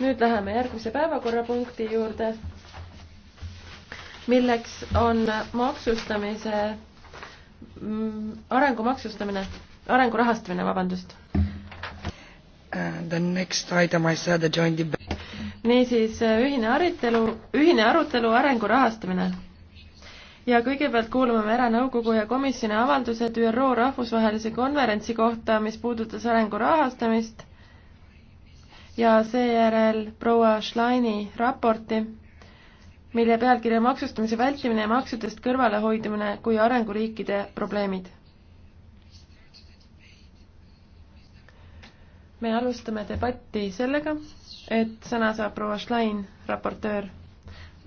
nüüd läheme järgmise päevakorrapunkti juurde, milleks on maksustamise, mm, arengu maksustamine, arengu rahastamine, vabandust. niisiis ühine arutelu, ühine arutelu arengu rahastamine. ja kõigepealt kuulame me ära nõukogu ja komisjoni avaldused ÜRO rahvusvahelise konverentsi kohta, mis puudutas arengu rahastamist ja seejärel proua Schleini raporti, mille pealkirja maksustamise vältimine ja maksudest kõrvalehoidumine kui arenguriikide probleemid. me alustame debatti sellega, et sõna saab proua Schlein, raportöör.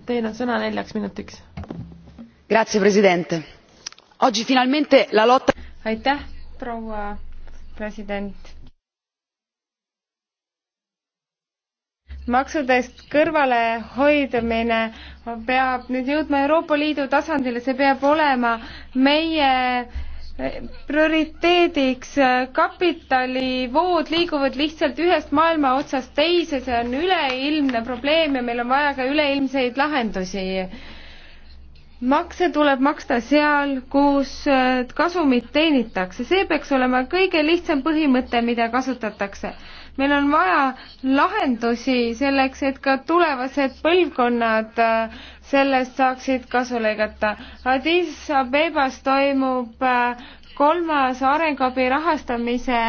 Teil on sõna neljaks minutiks. aitäh, proua president maksudest kõrvalehoidmine peab nüüd jõudma Euroopa Liidu tasandile, see peab olema meie prioriteediks kapitalivood liiguvad lihtsalt ühest maailma otsast teise, see on üleilmne probleem ja meil on vaja ka üleilmseid lahendusi. makse tuleb maksta seal, kus äh, kasumit teenitakse, see peaks olema kõige lihtsam põhimõte, mida kasutatakse meil on vaja lahendusi selleks, et ka tulevased põlvkonnad äh, sellest saaksid kasu lõigata. Addis Abebas toimub äh, kolmas arenguabi rahastamise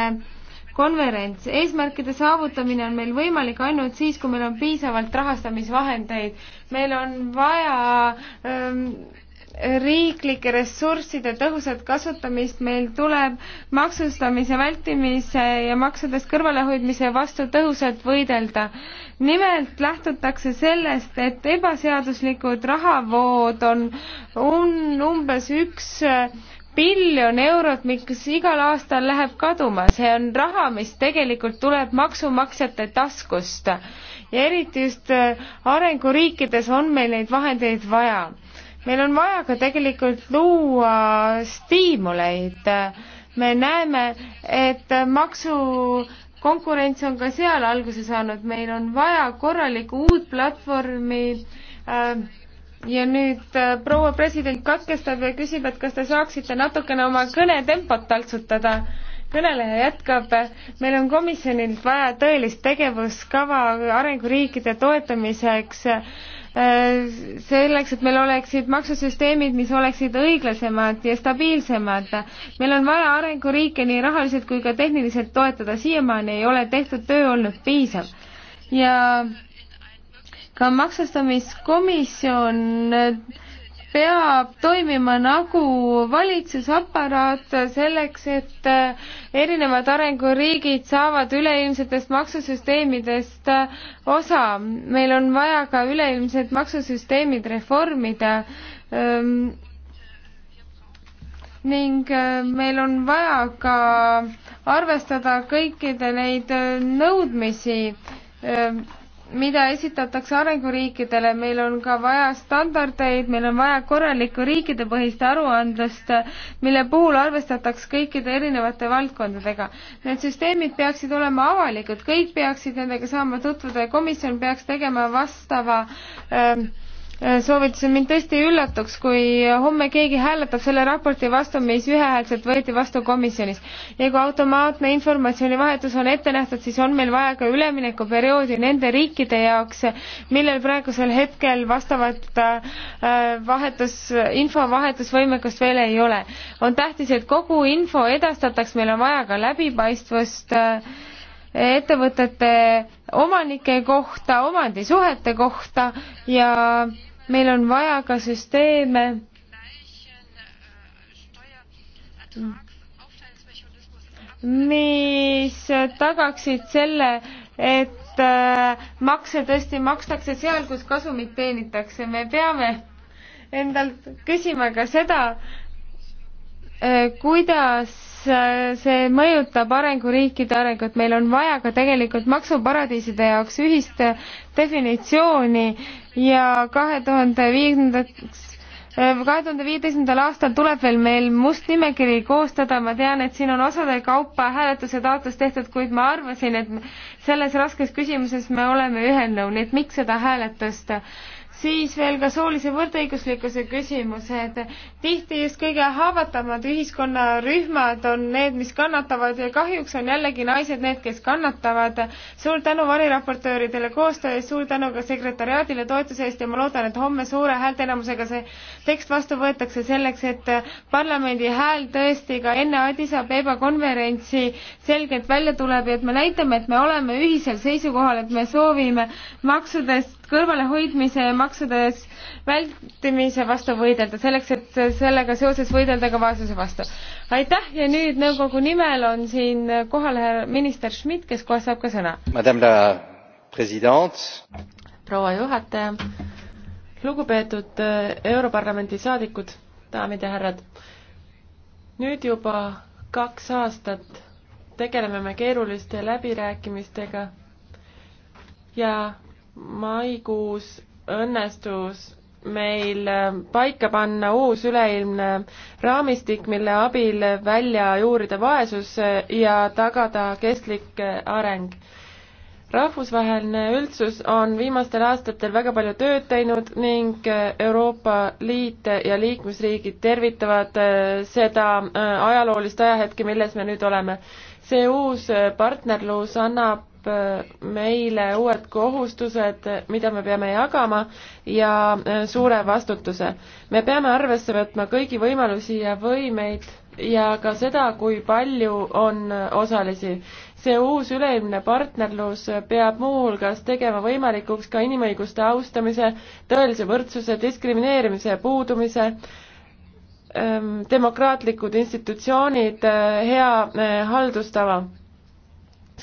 konverents. eesmärkide saavutamine on meil võimalik ainult siis, kui meil on piisavalt rahastamisvahendeid. meil on vaja ähm, riiklike ressursside tõhusat kasutamist, meil tuleb maksustamise vältimise ja maksudest kõrvalehoidmise vastu tõhusalt võidelda. nimelt lähtutakse sellest, et ebaseaduslikud rahavood on, on umbes üks biljon eurot, mis igal aastal läheb kaduma, see on raha, mis tegelikult tuleb maksumaksjate taskust. ja eriti just äh, arenguriikides on meil neid vahendeid vaja meil on vaja ka tegelikult luua stiimuleid. me näeme, et maksukonkurents on ka seal alguse saanud, meil on vaja korralikku uut platvormi äh, ja nüüd äh, proua president katkestab ja küsib, et kas te saaksite natukene oma kõnetempot taltsutada. kõneleja jätkab, meil on komisjonilt vaja tõelist tegevuskava arenguriikide toetamiseks äh, selleks, et meil oleksid maksusüsteemid, mis oleksid õiglasemad ja stabiilsemad. meil on vaja arenguriike nii rahaliselt kui ka tehniliselt toetada, siiamaani ei ole tehtud töö olnud piisav ja ka maksustamiskomisjon peab toimima nagu valitsusaparaat selleks, et eh, erinevad arenguriigid saavad üleilmsetest maksusüsteemidest eh, osa. meil on vaja ka üleilmsed maksusüsteemid reformida ehm, ning eh, meil on vaja ka arvestada kõikide neid nõudmisi ehm, mida esitatakse arenguriikidele, meil on ka vaja standardeid, meil on vaja korralikku riikidepõhist aruandlust, mille puhul arvestataks kõikide erinevate valdkondadega. Need süsteemid peaksid olema avalikud, kõik peaksid nendega saama tutvuda ja komisjon peaks tegema vastava öö, ähm, Äh, soovitasin, mind tõesti üllatuks, kui homme keegi hääletab selle raporti vastu, mis ühehäälselt võeti vastu komisjonis. ja kui automaatne informatsioonivahetus on ette nähtud, siis on meil vaja ka üleminekuperioodi nende riikide jaoks, millel praegusel hetkel vastavat äh, vahetus, infovahetusvõimekust veel ei ole. on tähtis, et kogu info edastataks, meil on vaja ka läbipaistvust äh, ettevõtete omanike kohta, omandisuhete kohta ja meil on vaja ka süsteeme, mis tagaksid selle, et äh, makse tõesti makstakse seal, kus kasumit teenitakse. me peame endalt küsima ka seda, äh, kuidas Äh, see mõjutab arenguriikide arengut, meil on vaja ka tegelikult maksuparadiiside jaoks ühist definitsiooni ja kahe tuhande viiendaks äh, kahe tuhande viieteistkümnendal aastal tuleb veel meil must nimekiri koostada, ma tean, et siin on osade kaupa hääletuse taotlus tehtud, kuid ma arvasin, et selles raskes küsimuses me oleme ühel nõul, nii et miks seda hääletust siis veel ka soolise võrdõiguslikkuse küsimused. tihti just kõige haavatavamad ühiskonnarühmad on need, mis kannatavad ja kahjuks on jällegi naised need, kes kannatavad. suur tänu variraportööridele koostöö eest, suur tänu ka sekretäriaadile toetuse eest ja ma loodan, et homme suure häälteenamusega see tekst vastu võetakse selleks, et parlamendi hääl tõesti ka enne Addis Abeba konverentsi selgelt välja tuleb ja et me näitame, et me oleme ühisel seisukohal, et me soovime maksudest kõrvalehoidmise ja maksude vältimise vastu võidelda, selleks, et sellega seoses võidelda ka vaesuse vastu. aitäh ja nüüd nõukogu nimel on siin kohal härra minister Schmidt, kes kohe saab ka sõna. proua juhataja, lugupeetud äh, Europarlamendi saadikud, daamid ja härrad, nüüd juba kaks aastat tegeleme me keeruliste läbirääkimistega ja maikuus õnnestus meil ähm, paika panna uus üleilmne raamistik, mille abil välja juurida vaesus äh, ja tagada kestlik äh, areng rahvusvaheline üldsus on viimastel aastatel väga palju tööd teinud ning äh, Euroopa Liit ja liikmesriigid tervitavad seda ajaloolist ajahetke, milles me nüüd oleme. see uus partnerlus annab paneb äh, meile uued kohustused, mida me peame jagama, ja äh, suure vastutuse. me peame arvesse võtma kõigi võimalusi ja võimeid ja ka seda, kui palju on äh, osalisi. see uus üleilmne partnerlus peab muuhulgas tegema võimalikuks ka inimõiguste austamise, tõelise võrdsuse, diskrimineerimise puudumise, ähm, demokraatlikud institutsioonid, hea haldustava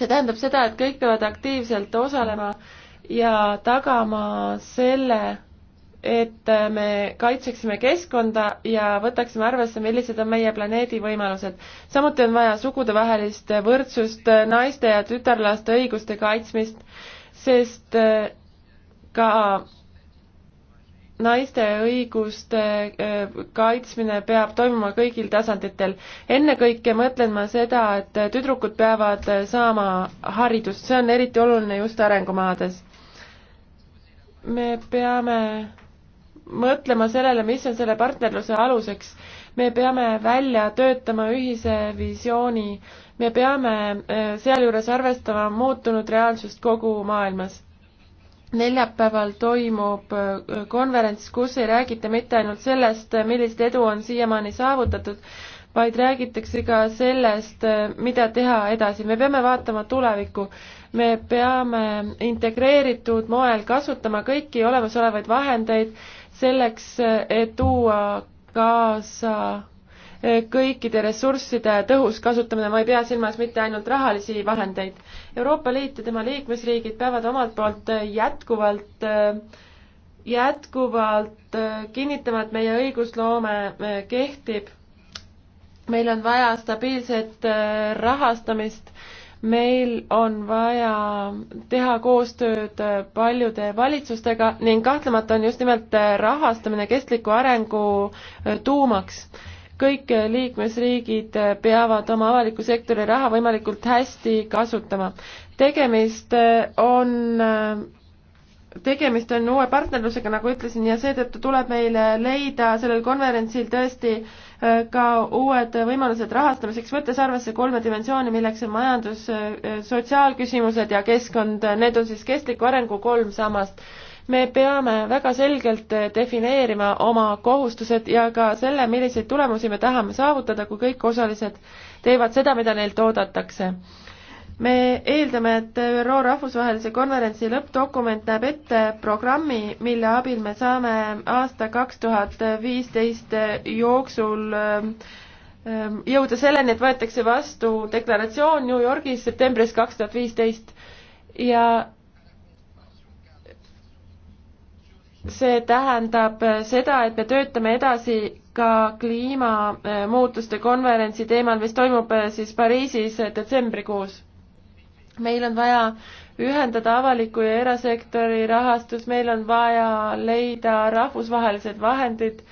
see tähendab seda, et kõik peavad aktiivselt osalema ja tagama selle, et me kaitseksime keskkonda ja võtaksime arvesse, millised on meie planeedi võimalused. samuti on vaja sugudevahelist võrdsust, naiste ja tütarlaste õiguste kaitsmist, sest ka naiste õiguste äh, kaitsmine peab toimuma kõigil tasanditel. ennekõike mõtlen ma seda, et tüdrukud peavad saama haridust, see on eriti oluline just arengumaades. me peame mõtlema sellele, mis on selle partnerluse aluseks. me peame välja töötama ühise visiooni, me peame äh, sealjuures arvestama muutunud reaalsust kogu maailmas neljapäeval toimub äh, konverents, kus ei räägita mitte ainult sellest, äh, millist edu on siiamaani saavutatud, vaid räägitakse ka sellest, äh, mida teha edasi. me peame vaatama tulevikku. me peame integreeritud moel kasutama kõiki olemasolevaid vahendeid selleks, et tuua kaasa kõikide ressursside tõhus kasutamine, ma ei pea silmas mitte ainult rahalisi vahendeid. Euroopa Liit ja tema liikmesriigid peavad omalt poolt jätkuvalt, jätkuvalt kinnitama, et meie õigusloome kehtib. meil on vaja stabiilset rahastamist, meil on vaja teha koostööd paljude valitsustega ning kahtlemata on just nimelt rahastamine kestliku arengu tuumaks kõik liikmesriigid peavad oma avaliku sektori raha võimalikult hästi kasutama. tegemist on, tegemist on uue partnerlusega, nagu ütlesin, ja seetõttu tuleb meil leida sellel konverentsil tõesti äh, ka uued võimalused rahastamiseks, võttes arvesse kolme dimensiooni, milleks on majandus, äh, sotsiaalküsimused ja keskkond, need on siis kestliku arengu kolm sammast me peame väga selgelt eh, defineerima oma kohustused ja ka selle, milliseid tulemusi me tahame saavutada, kui kõik osalised teevad seda, mida neilt oodatakse. me eeldame, et ÜRO rahvusvahelise konverentsi lõppdokument näeb ette programmi, mille abil me saame aasta kaks tuhat viisteist eh, jooksul eh, jõuda selleni, et võetakse vastu deklaratsioon New Yorgis septembris kaks tuhat viisteist ja see tähendab seda, et me töötame edasi ka kliimamuutuste konverentsi teemal, mis toimub äh, siis Pariisis äh, detsembrikuus. meil on vaja ühendada avaliku ja erasektori rahastus, meil on vaja leida rahvusvahelised vahendid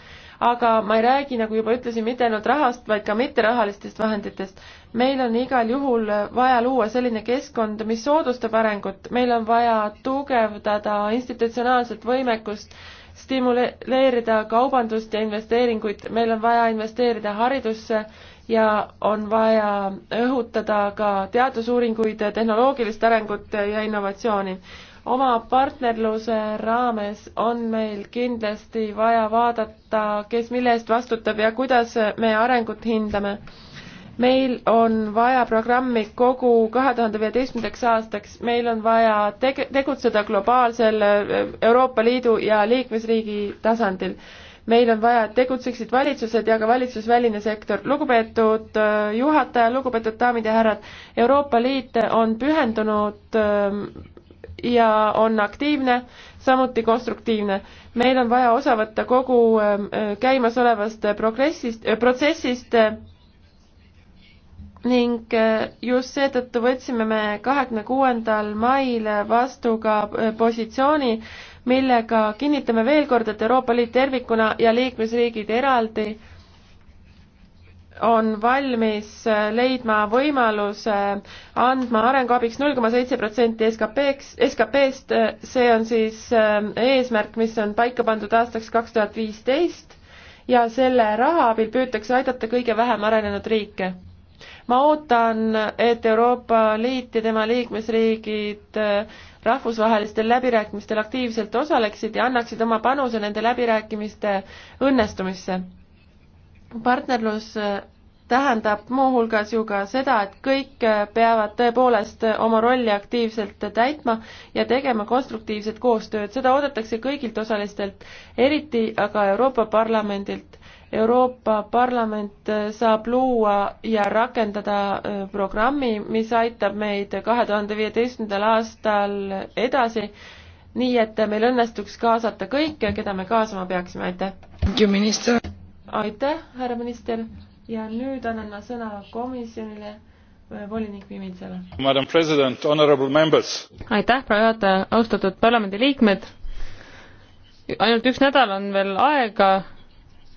aga ma ei räägi, nagu juba ütlesin, mitte ainult rahast, vaid ka mitterahalistest vahenditest. meil on igal juhul vaja luua selline keskkond, mis soodustab arengut, meil on vaja tugevdada institutsionaalset võimekust, stimuleerida kaubandust ja investeeringuid, meil on vaja investeerida haridusse ja on vaja õhutada ka teadusuuringuid, tehnoloogilist arengut ja innovatsiooni oma partnerluse raames on meil kindlasti vaja vaadata, kes mille eest vastutab ja kuidas me arengut hindame. meil on vaja programmi kogu kahe tuhande viieteistkümnendaks aastaks, meil on vaja tege-, tegutseda globaalsel äh, Euroopa Liidu ja liikmesriigi tasandil meil on vaja, et tegutseksid valitsused ja ka valitsusväline sektor. lugupeetud äh, juhataja, lugupeetud daamid ja härrad, Euroopa Liit on pühendunud ähm, ja on aktiivne, samuti konstruktiivne. meil on vaja osa võtta kogu ähm, äh, käimasolevast äh, progressist, äh, protsessist ning just seetõttu võtsime me kahekümne kuuendal mail vastu ka positsiooni, millega kinnitame veel kord, et Euroopa Liit tervikuna ja liikmesriigid eraldi on valmis leidma võimaluse andma arenguabiks null koma seitse protsenti SKP-ks, SKP-st, see on siis äh, eesmärk, mis on paika pandud aastaks kaks tuhat viisteist ja selle raha abil püütakse aidata kõige vähem arenenud riike. ma ootan, et Euroopa Liit ja tema liikmesriigid äh, rahvusvahelistel läbirääkimistel aktiivselt osaleksid ja annaksid oma panuse nende läbirääkimiste õnnestumisse partnerlus tähendab muuhulgas ju ka seda, et kõik peavad tõepoolest oma rolli aktiivselt täitma ja tegema konstruktiivset koostööd, seda oodatakse kõigilt osalistelt, eriti aga Euroopa Parlamendilt. Euroopa Parlament saab luua ja rakendada äh, programmi, mis aitab meid kahe tuhande viieteistkümnendal aastal edasi, nii et meil õnnestuks kaasata kõike, keda me kaasama peaksime, aitäh! aitäh, härra minister ja nüüd annan ma sõna komisjonile eh, volinik Vimitsale. aitäh, proua juhataja, austatud parlamendiliikmed. ainult üks nädal on veel aega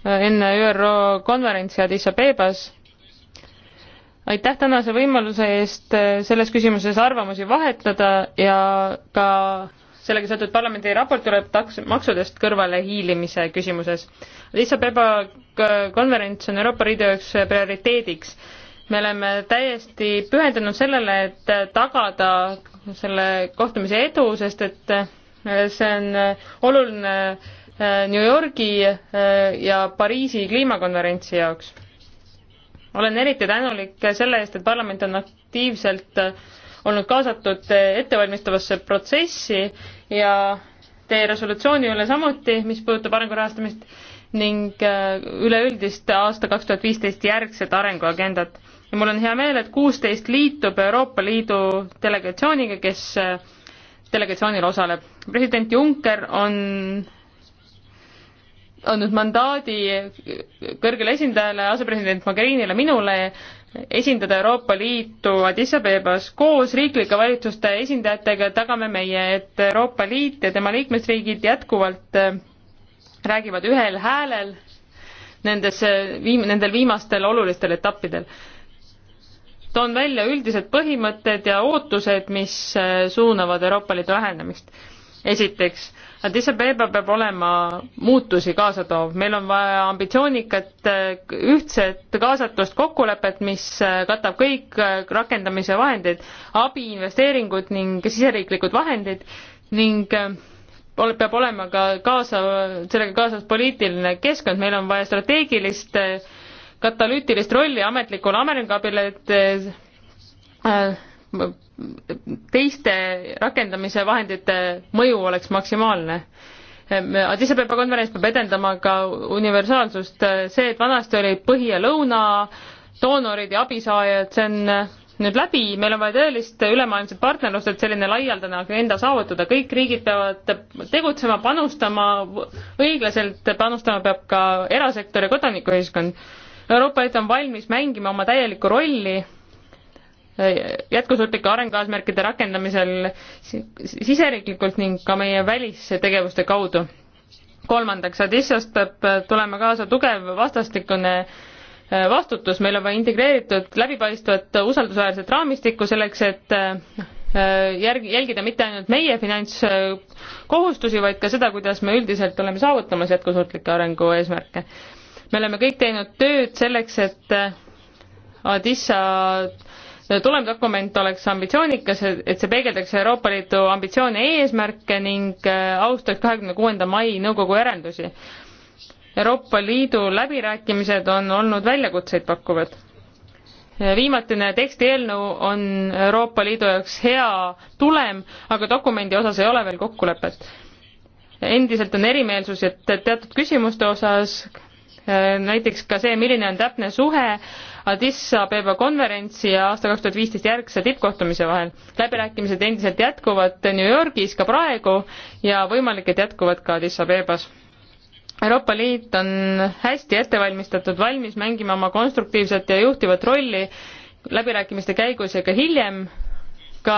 eh, enne ÜRO konverentsi Addis Abebas. aitäh tänase võimaluse eest eh, selles küsimuses arvamusi vahetada ja ka sellega seotud parlamendi raport tuleb taks-, maksudest kõrvale hiilimise küsimuses. Addis Abeba konverents on Euroopa Liidu jaoks prioriteediks. me oleme täiesti pühendunud sellele, et tagada selle kohtumise edu, sest et äh, see on äh, oluline äh, New Yorgi ja Pariisi kliimakonverentsi jaoks. olen eriti tänulik selle eest, et parlament on aktiivselt olnud kaasatud ettevalmistavasse protsessi ja teie resolutsiooni üle samuti, mis puudutab arengu rahastamist ning äh, üleüldist aasta kaks tuhat viisteist järgset arenguagendat. ja mul on hea meel, et kuusteist liitub Euroopa Liidu delegatsiooniga, kes äh, delegatsioonil osaleb. president Juncker on andnud mandaadi kõrgele esindajale, asepresident Mogherinile, minule esindada Euroopa Liitu Addis Abebas koos riiklike valitsuste esindajatega tagame meie, et Euroopa Liit ja tema liikmesriigid jätkuvalt äh, räägivad ühel häälel nendes eh, viim-, nendel viimastel olulistel etappidel. toon välja üldised põhimõtted ja ootused, mis eh, suunavad Euroopa Liidu lähenemist. esiteks, Addis Abeba peab olema muutusi kaasa toov, meil on vaja ambitsioonikat eh, ühtset kaasatust kokkulepet, mis katab kõik rakendamise vahendid, abi, investeeringud ning siseriiklikud vahendid ning peab olema ka kaasa, sellega kaasas poliitiline keskkond, meil on vaja strateegilist katalüütilist rolli ametlikul ametnikul, et teiste rakendamise vahendite mõju oleks maksimaalne. Adisabeba konverents peab edendama ka universaalsust, see, et vanasti oli põhi ja lõuna, doonorid ja abisaajad, see on nüüd läbi, meil on vaja tõelist ülemaailmset partnerlust, et selline laialdane agenda saavutada, kõik riigid peavad tegutsema, panustama õiglaselt, panustama peab ka erasektor ja kodanikuühiskond. Euroopa Liit on valmis mängima oma täielikku rolli jätkusuutlike arengukaasmärkide rakendamisel siseriiklikult ning ka meie välistegevuste kaudu. kolmandaks, Addis astab tulema kaasa tugev vastastikune Eh, vastutus, meil on vaja integreeritud läbipaistvat usaldusväärset raamistikku selleks, et eh, järgi, jälgida mitte ainult meie finantskohustusi, vaid ka seda, kuidas me üldiselt oleme saavutamas jätkusuutlikke arengu eesmärke. me oleme kõik teinud tööd selleks, et eh, Adissa tulemdokument oleks ambitsioonikas, et see peegeldaks Euroopa Liidu ambitsioone ja eesmärke ning austaks kahekümne kuuenda mai nõukogu järeldusi. Euroopa Liidu läbirääkimised on olnud väljakutseid pakkuvad. viimatine teksti eelnõu on Euroopa Liidu jaoks hea tulem, aga dokumendi osas ei ole veel kokkulepet. endiselt on erimeelsus, et teatud küsimuste osas, äh, näiteks ka see, milline on täpne suhe Addis Abeba konverentsi ja aasta kaks tuhat viisteist järgse tippkohtumise vahel. läbirääkimised endiselt jätkuvad New Yorgis ka praegu ja võimalik, et jätkuvad ka Addis Abebas Euroopa Liit on hästi ette valmistatud, valmis mängima oma konstruktiivset ja juhtivat rolli läbirääkimiste käigus ja ka hiljem, ka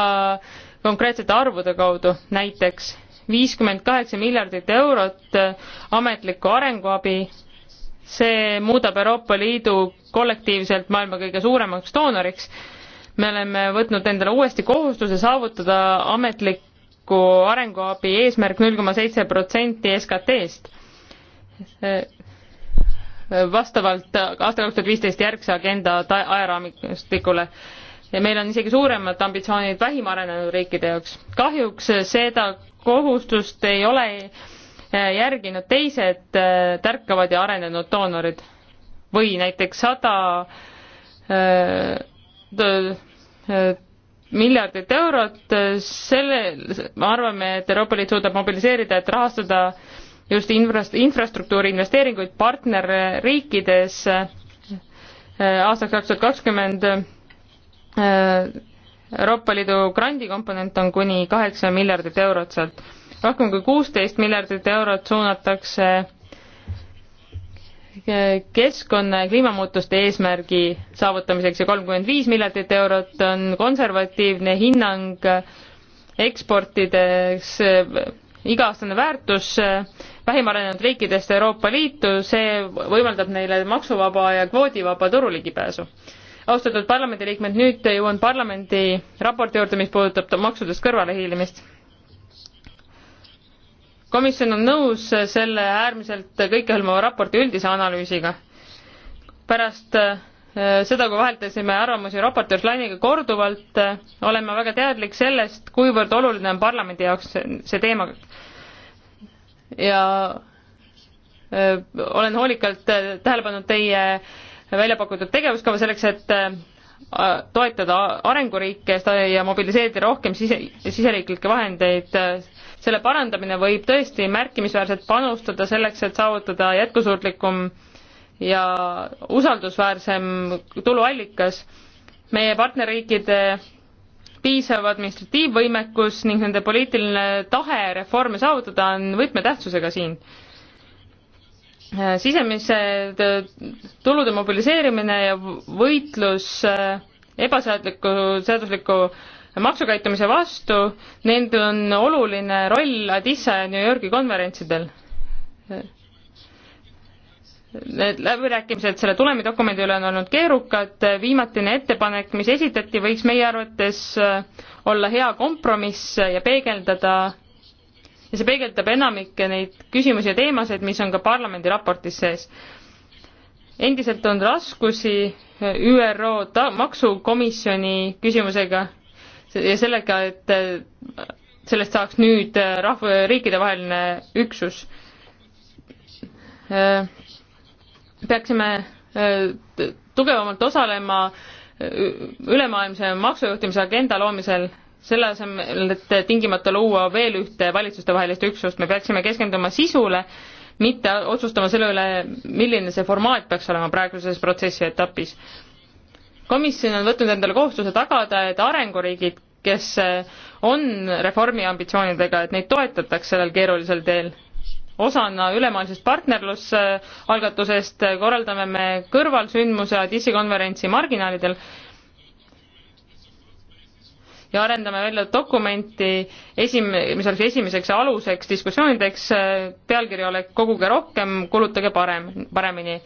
konkreetsete arvude kaudu, näiteks viiskümmend kaheksa miljardit eurot ametlikku arenguabi, see muudab Euroopa Liidu kollektiivselt maailma kõige suuremaks doonoriks. me oleme võtnud endale uuesti kohustuse saavutada ametlikku arenguabi eesmärk null koma seitse protsenti SKT-st vastavalt aastal kaks tuhat viisteist järgse agenda ajaraamistikule ja meil on isegi suuremad ambitsioonid vähim arenenud riikide jaoks. kahjuks seda kohustust ei ole eh, järginud teised eh, tärkavad ja arenenud doonorid või näiteks sada eh, miljardit eurot, selle, me arvame, et Euroopa Liit suudab mobiliseerida, et rahastada äh, just infrast-, infrastruktuuri investeeringuid partnerriikides äh, aastaks kaks tuhat kakskümmend äh, Euroopa Liidu grandikomponent on kuni kaheksa miljardit eurot sealt. rohkem kui kuusteist miljardit eurot suunatakse äh, keskkonna ja kliimamuutuste eesmärgi saavutamiseks ja kolmkümmend viis miljardit eurot on konservatiivne hinnang eksportides iga-aastane väärtus vähim arenenud riikidest Euroopa Liitu, see võimaldab neile maksuvaba ja kvoodivaba turu ligipääsu. austatud parlamendiliikmed, nüüd jõuan parlamendi raporti juurde, mis puudutab maksudest kõrvalehiilimist. komisjon on nõus selle äärmiselt kõikehõlmava raporti üldise analüüsiga. pärast äh, seda, kui vaheldasime arvamusi raportöör Lainiga korduvalt, äh, olen ma väga teadlik sellest, kuivõrd oluline on parlamendi jaoks see teema ja öö, äh, olen hoolikalt äh, tähele pannud teie välja pakutud tegevuskava selleks, et öö, äh, toetada arenguriike ja mobiliseerida rohkem sise, siseriiklikke vahendeid. selle parandamine võib tõesti märkimisväärselt panustada selleks, et saavutada jätkusuutlikum ja usaldusväärsem tuluallikas. meie partnerriikide piisav administratiivvõimekus ning nende poliitiline tahe reforme saavutada on võtmetähtsusega siin. sisemise tulude mobiliseerimine ja võitlus ebaseadusliku, seadusliku maksukäitumise vastu, nendel on oluline roll Addissa ja New Yorgi konverentsidel Need läbirääkimised selle tulemidokumendi üle on olnud keerukad, viimatine ettepanek, mis esitati, võiks meie arvates äh, olla hea kompromiss ja peegeldada ja see peegeldab enamikke neid küsimusi ja teemasid, mis on ka parlamendi raportis sees. endiselt on raskusi ÜRO ta-, maksukomisjoni küsimusega ja sellega, et äh, sellest saaks nüüd äh, rahva, riikidevaheline üksus peaksime äh, tugevamalt osalema ülemaailmse maksujuhtimise agenda loomisel, selle asemel, et tingimata luua veel ühte valitsustevahelist üksust, me peaksime keskenduma sisule, mitte otsustama selle üle, milline see formaat peaks olema praeguses protsessi etapis. komisjon on võtnud endale kohustuse tagada, et arenguriigid, kes äh, on reformi ambitsioonidega, et neid toetatakse sellel keerulisel teel osana ülemaailmsest partnerlusalgatusest korraldame me kõrvalsündmuse Adissi konverentsi marginaalidel ja arendame välja dokumenti esim-, mis oleks esimeseks aluseks diskussioonideks, pealkiri oleks Koguge rohkem, kulutage parem, paremini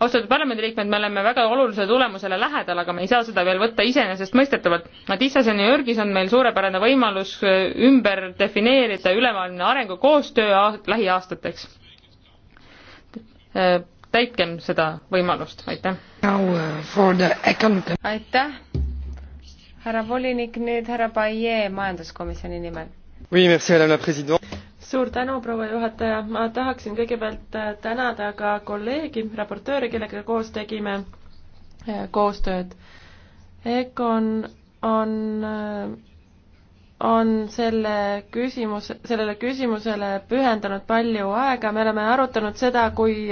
austatud parlamendiliikmed, me oleme väga olulisele tulemusele lähedal, aga me ei saa seda veel võtta iseenesestmõistetavalt. Matissas ja New Yorgis on meil suurepärane võimalus äh, ümber defineerida ülemaailmne arengukoostöö lähiaastateks. Äh, täitkem seda võimalust, aitäh. Uh, aitäh, härra volinik, nüüd härra Paie majanduskomisjoni nimel suur tänu, proua juhataja, ma tahaksin kõigepealt äh, tänada ka kolleegi, raportööri, kellega koos tegime äh, koostööd. Econ on, on äh, on selle küsimus, sellele küsimusele pühendanud palju aega, me oleme arutanud seda, kui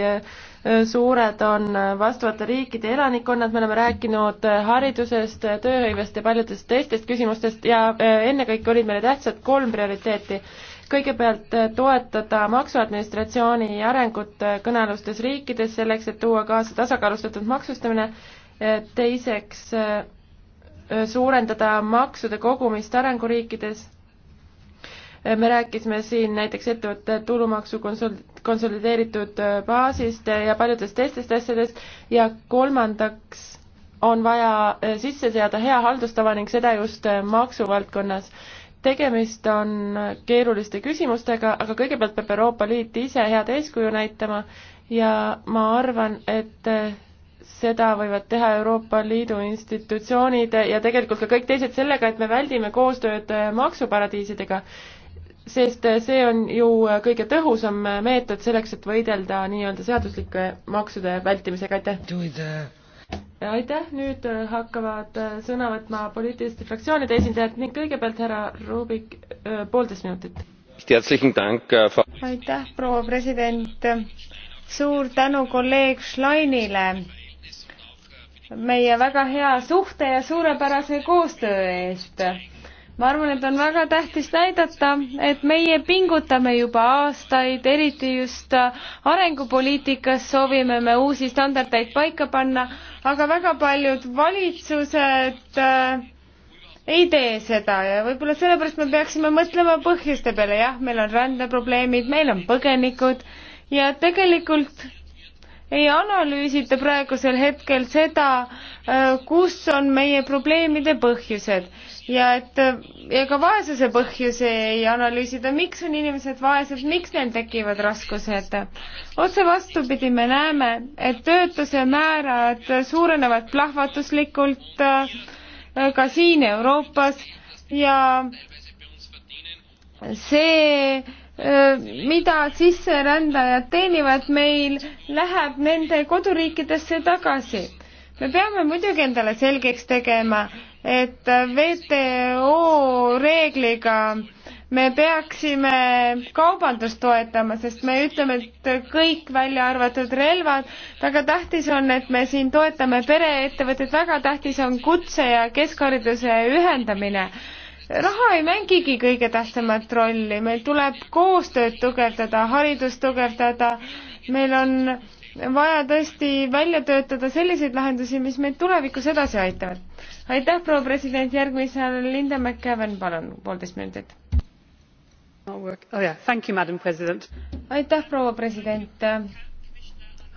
suured on vastavate riikide elanikkonnad, me oleme rääkinud haridusest, tööhõivest ja paljudest teistest küsimustest ja ennekõike olid meile tähtsad kolm prioriteeti kõigepealt äh, toetada maksuadministratsiooni arengut äh, kõnealustes riikides selleks, et tuua kaasa tasakaalustatud maksustamine, äh, teiseks suurendada maksude kogumist arenguriikides, me rääkisime siin näiteks ettevõtte tulumaksu konsol-, konsolideeritud baasist ja paljudest teistest asjadest ja kolmandaks on vaja sisse seada hea haldustava ning seda just maksuvaldkonnas tegemist on keeruliste küsimustega, aga kõigepealt peab Euroopa Liit ise head eeskuju näitama ja ma arvan, et seda võivad teha Euroopa Liidu institutsioonid ja tegelikult ka kõik teised sellega, et me väldime koostööd maksuparadiisidega, sest see on ju kõige tõhusam meetod selleks, et võidelda nii-öelda seaduslike maksude vältimisega, aitäh! aitäh, nüüd äh, hakkavad äh, sõna võtma poliitiliste fraktsioonide esindajad ning kõigepealt härra Rubik, äh, poolteist minutit. aitäh, proua president. suur tänu kolleeg Schleinile meie väga hea suhte ja suurepärase koostöö eest ma arvan, et on väga tähtis näidata, et meie pingutame juba aastaid, eriti just arengupoliitikas soovime me uusi standardeid paika panna, aga väga paljud valitsused äh, ei tee seda ja võib-olla sellepärast me peaksime mõtlema põhjuste peale, jah, meil on rändeprobleemid, meil on põgenikud ja tegelikult ei analüüsita praegusel hetkel seda, äh, kus on meie probleemide põhjused ja et ja äh, ka vaesuse põhjusi ei analüüsida, miks on inimesed vaesed, miks neil tekivad raskused. otse vastupidi, me näeme, et töötuse määrad suurenevad plahvatuslikult äh, ka siin Euroopas ja see, äh, mida sisserändajad teenivad meil, läheb nende koduriikidesse tagasi. me peame muidugi endale selgeks tegema, et WTO reegliga me peaksime kaubandust toetama, sest me ütleme, et kõik välja arvatud relvad, väga tähtis on, et me siin toetame pereettevõtteid, väga tähtis on kutse ja keskhariduse ühendamine. raha ei mängigi kõige tähtsamat rolli, meil tuleb koostööd tugevdada, haridust tugevdada, meil on äh, vaja tõesti välja töötada selliseid lahendusi, mis meid tulevikus edasi aitavad. aitäh, proua president, järgmisel Linda McEwen, palun, poolteist minutit. Oh, aitäh, proua president.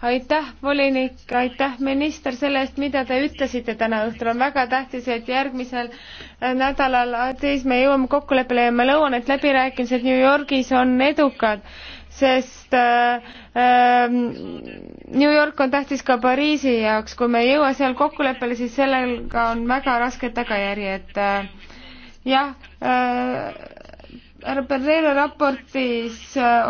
aitäh, volinik, aitäh, minister, selle eest, mida te ütlesite täna õhtul. on väga tähtis, et järgmisel äh, nädalal Ateis äh, me jõuame kokkuleppele ja ma lõuan, et läbirääkimised New Yorgis on edukad sest äh, ähm, New York on tähtis ka Pariisi jaoks, kui me ei jõua seal kokkuleppele, siis sellega on väga rasked tagajärjed. Äh, jah, äh, härra Pereira raportis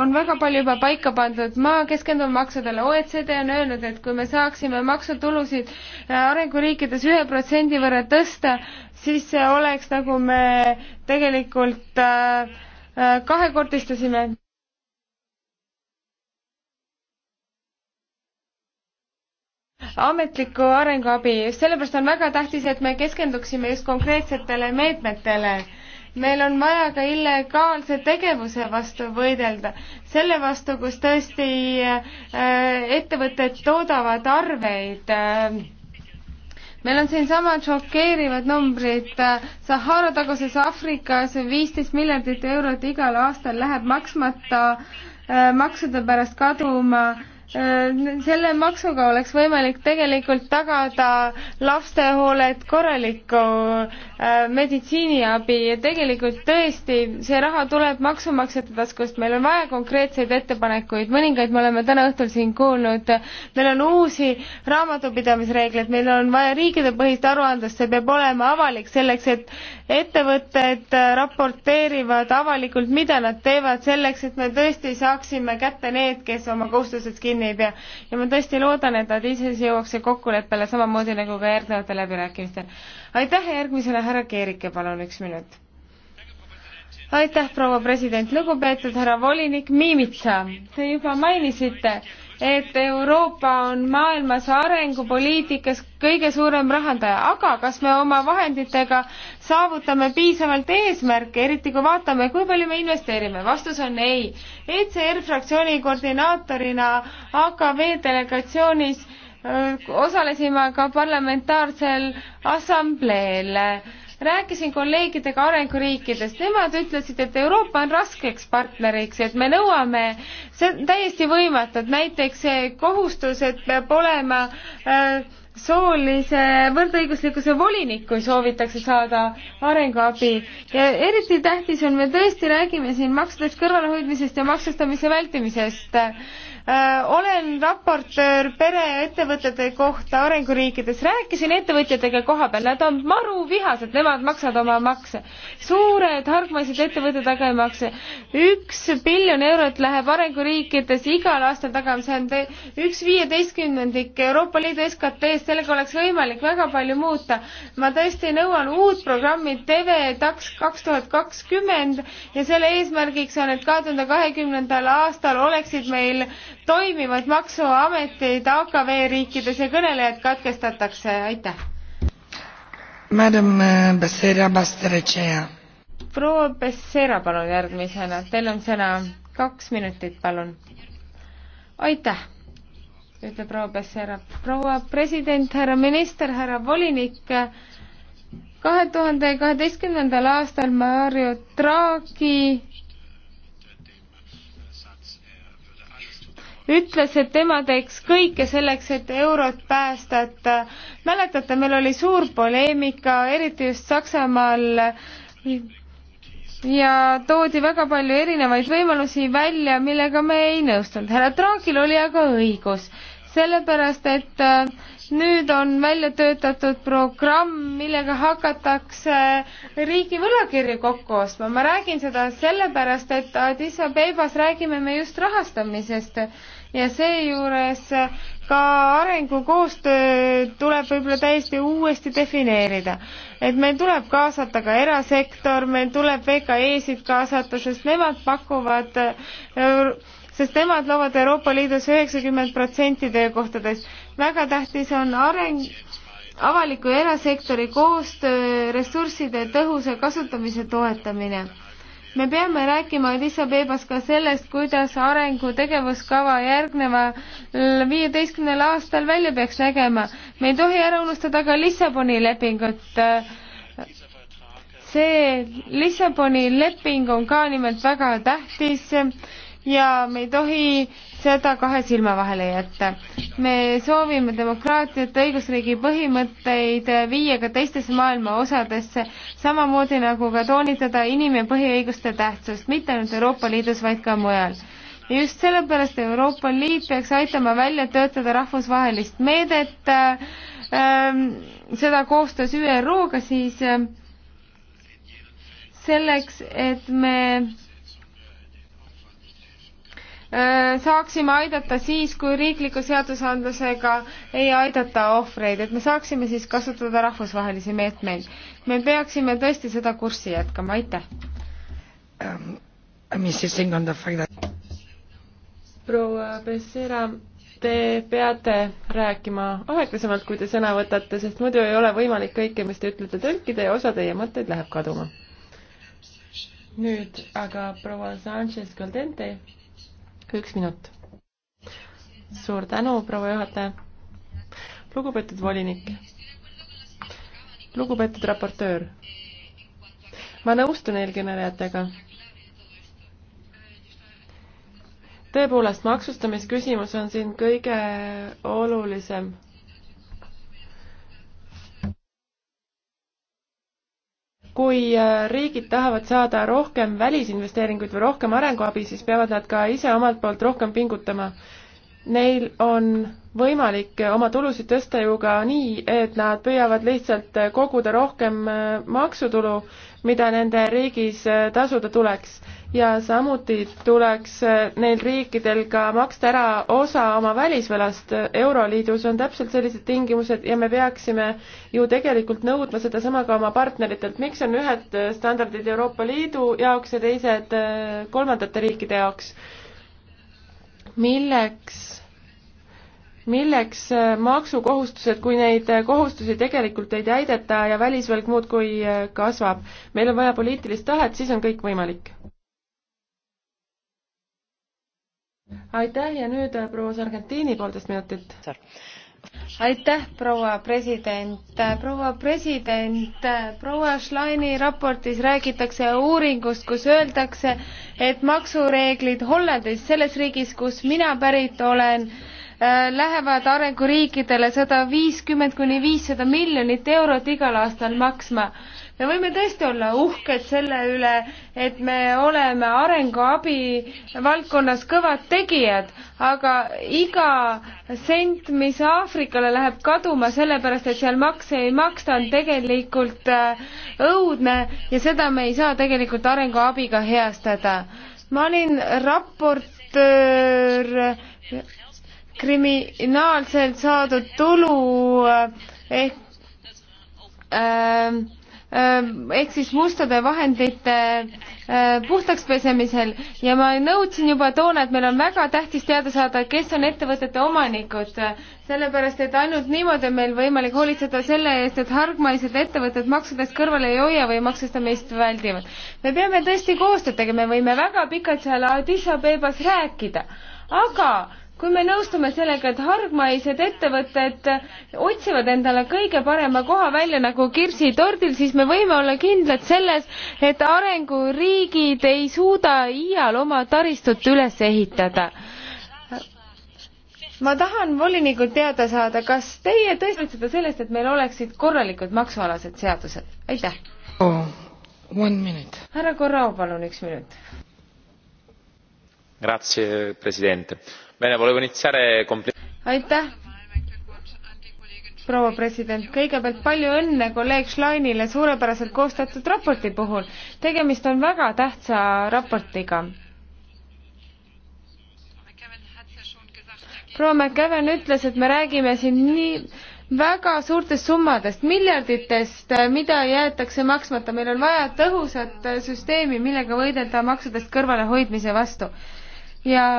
on väga palju juba paika pandud, ma keskendun maksudele, OECD on öelnud, et kui me saaksime maksutulusid arenguriikides ühe protsendi võrra tõsta, siis see oleks nagu me tegelikult kahekordistasime ametlikku arenguabi, sellepärast on väga tähtis, et me keskenduksime just konkreetsetele meetmetele. meil on vaja ka illegaalse tegevuse vastu võidelda, selle vastu, kus tõesti äh, ettevõtted toodavad arveid äh, meil on siinsamad šokeerivad numbrid. Äh, Sahara taguses Aafrikas viisteist miljardit eurot igal aastal läheb maksmata äh, maksude pärast kaduma Äh, selle maksuga oleks võimalik tegelikult tagada lastehooled, korralikku Äh, meditsiiniabi, tegelikult tõesti, see raha tuleb maksumaksjate taskust, meil on vaja konkreetseid ettepanekuid, mõningaid me oleme täna õhtul siin kuulnud, meil on uusi raamatupidamisreegleid, meil on vaja riikidepõhist aruandlust, see peab olema avalik selleks, et ettevõtted raporteerivad avalikult, mida nad teevad, selleks et me tõesti saaksime kätte need, kes oma kohustused kinni ei pea. ja ma tõesti loodan, et nad ise jõuaks kokkuleppele samamoodi nagu ka järgnevatel läbirääkimistel aitäh ja järgmisele härra Keerike, palun üks minut. aitäh, proua president, lugupeetud härra volinik Miimitsa, te juba mainisite, et Euroopa on maailmas arengupoliitikas kõige suurem rahandaja, aga kas me oma vahenditega saavutame piisavalt eesmärke, eriti kui vaatame, kui palju me investeerime, vastus on ei. ECR fraktsiooni koordinaatorina AKV delegatsioonis osalesime ka parlamentaarsel assambleel. rääkisin kolleegidega arenguriikidest, nemad ütlesid, et Euroopa on raskeks partneriks, et me nõuame, see on täiesti võimatu, et näiteks see kohustus, et peab olema äh, soolise võrdõiguslikkuse volinikku soovitakse saada arenguabi ja eriti tähtis on, me tõesti räägime siin maksudest kõrvalehoidmisest ja maksustamise vältimisest. Äh, olen raportöör pereettevõtete kohta arenguriikides, rääkisin ettevõtjatega koha peal, nad on maru vihased, nemad maksavad oma makse. suured hargmaised ettevõtted aga ei maksa. üks biljon eurot läheb arenguriikides igal aastal tagasi, see on üks viieteistkümnendik Euroopa Liidu SKT-st, sellega oleks võimalik väga palju muuta. ma tõesti nõuan uut programmi TV Taks kaks tuhat kakskümmend ja selle eesmärgiks on, et kahe tuhande kahekümnendal aastal oleksid meil toimivad maksuametid AKV riikides ja kõnelejad katkestatakse, aitäh. Madam äh, Becerra Basterecea. proua Becerra, palun järgmisena, teil on sõna, kaks minutit, palun. aitäh ütleb proua Becerra. proua president, härra minister, härra volinik, kahe tuhande kaheteistkümnendal aastal Mario Draghi ütles, et tema teeks kõike selleks, et eurot päästa, et mäletate, meil oli suur poleemika, eriti just Saksamaal ja toodi väga palju erinevaid võimalusi välja, millega me ei nõustunud. härra Draagil oli aga õigus, sellepärast et äh, nüüd on välja töötatud programm, millega hakatakse riigi võlakirju kokku ostma. ma räägin seda sellepärast, et Addis Abebas räägime me just rahastamisest ja seejuures ka arengukoostöö tuleb võib-olla täiesti uuesti defineerida. et meil tuleb kaasata ka erasektor, meil tuleb VKE-sid kaasata, sest nemad pakuvad, sest nemad loovad Euroopa Liidus üheksakümmend protsenti töökohtadest. väga tähtis on areng, avaliku ja erasektori koostöö, ressursside tõhusa kasutamise toetamine me peame rääkima Addis Abebas ka sellest, kuidas arengutegevuskava järgneval viieteistkümnel aastal välja peaks nägema. me ei tohi ära unustada ka Lissaboni lepingut. see Lissaboni leping on ka nimelt väga tähtis ja me ei tohi seda kahe silma vahele jätta. me soovime demokraatiat, õigusriigi põhimõtteid viia ka teistesse maailma osadesse, samamoodi nagu ka toonitada inim- ja põhiõiguste tähtsust, mitte ainult Euroopa Liidus, vaid ka mujal ja just sellepärast Euroopa Liit peaks aitama välja töötada rahvusvahelist meedet äh,, seda koostöös ÜRO-ga siis äh, selleks, et me Äh, saaksime aidata siis, kui riikliku seadusandlusega ei aidata ohvreid, et me saaksime siis kasutada rahvusvahelisi meetmeid. me peaksime tõesti seda kurssi jätkama, aitäh um,. proua Becerra, te peate rääkima aeglasemalt, kui te sõna võtate, sest muidu ei ole võimalik kõike, mis te ütlete, tõlkida ja osa teie mõtteid läheb kaduma. nüüd aga proua Sanchez-Caldente üks minut. suur tänu, proua juhataja. lugupeetud volinik. lugupeetud raportöör. ma nõustun eelkõnelejatega tõepoolest, maksustamisküsimus on siin kõige olulisem. kui äh, riigid tahavad saada rohkem välisinvesteeringuid või rohkem arenguabi, siis peavad nad ka ise omalt poolt rohkem pingutama. Neil on võimalik äh, oma tulusid tõsta ju ka nii, et nad püüavad lihtsalt äh, koguda rohkem maksutulu, mida nende riigis tasuda tuleks ja samuti tuleks äh, neil riikidel ka maksta ära osa oma välisvõlast. Äh, euroliidus on täpselt sellised tingimused ja me peaksime ju tegelikult nõudma sedasama ka oma partneritelt, miks on ühed äh, standardid Euroopa Liidu jaoks ja teised kolmandate riikide jaoks. milleks milleks maksukohustused, kui neid kohustusi tegelikult ei täideta ja välisvõlg muudkui kasvab. meil on vaja poliitilist tahet, siis on kõik võimalik. aitäh ja nüüd äh, proua Sargentini poolteist minutit. aitäh, proua president. Äh, proua president, äh, proua Schleini raportis räägitakse uuringust, kus öeldakse, et maksureeglid Hollandis, selles riigis, kus mina pärit olen, lähevad arenguriikidele sada viiskümmend kuni viissada miljonit eurot igal aastal maksma me võime tõesti olla uhked selle üle, et me oleme arenguabi valdkonnas kõvad tegijad, aga iga sent, mis Aafrikale läheb kaduma sellepärast, et seal makse ei maksta, on tegelikult äh, õudne ja seda me ei saa tegelikult arenguabiga heastada. ma olin raportöör kriminaalselt saadud tulu äh, ehk äh, Ehm, ehk siis mustade vahendite ehm, puhtaks pesemisel ja ma nõudsin juba toona, et meil on väga tähtis teada saada, kes on ettevõtete omanikud, sellepärast et ainult niimoodi on meil võimalik hoolitseda selle eest, et hargmaised ettevõtted maksudest kõrvale ei hoia või maksudest meist väldivad. me peame tõesti koostööd tegema, me võime väga pikalt seal Addis Abebas rääkida, aga kui me nõustume sellega, et hargmaised ettevõtted otsivad endale kõige parema koha välja nagu kirsitordil, siis me võime olla kindlad selles, et arenguriigid ei suuda iial oma taristut üles ehitada. ma tahan volinikult teada saada, kas teie tõesti mõtlete sellest, et meil oleksid korralikud maksualased seadused? aitäh oh,! härra Korrao, palun üks minut. Grazie, president aitäh proua president kõigepealt palju õnne kolleeg Schleinile suurepäraselt koostatud raporti puhul tegemist on väga tähtsa raportiga proua McEwen ütles et me räägime siin nii väga suurtest summadest miljarditest mida jäetakse maksmata meil on vaja tõhusat süsteemi millega võidelda maksudest kõrvalehoidmise vastu ja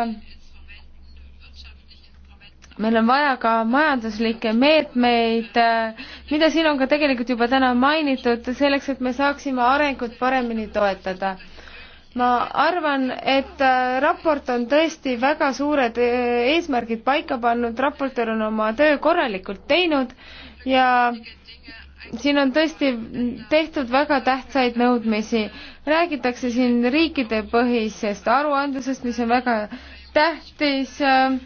meil on vaja ka majanduslikke meetmeid, äh, mida siin on ka tegelikult juba täna mainitud, selleks et me saaksime arengut paremini toetada. ma arvan, et äh, raport on tõesti väga suured äh, eesmärgid paika pannud, raportöör on oma töö korralikult teinud ja siin on tõesti tehtud väga tähtsaid nõudmisi. räägitakse siin riikidepõhisest aruandlusest, mis on väga tähtis äh,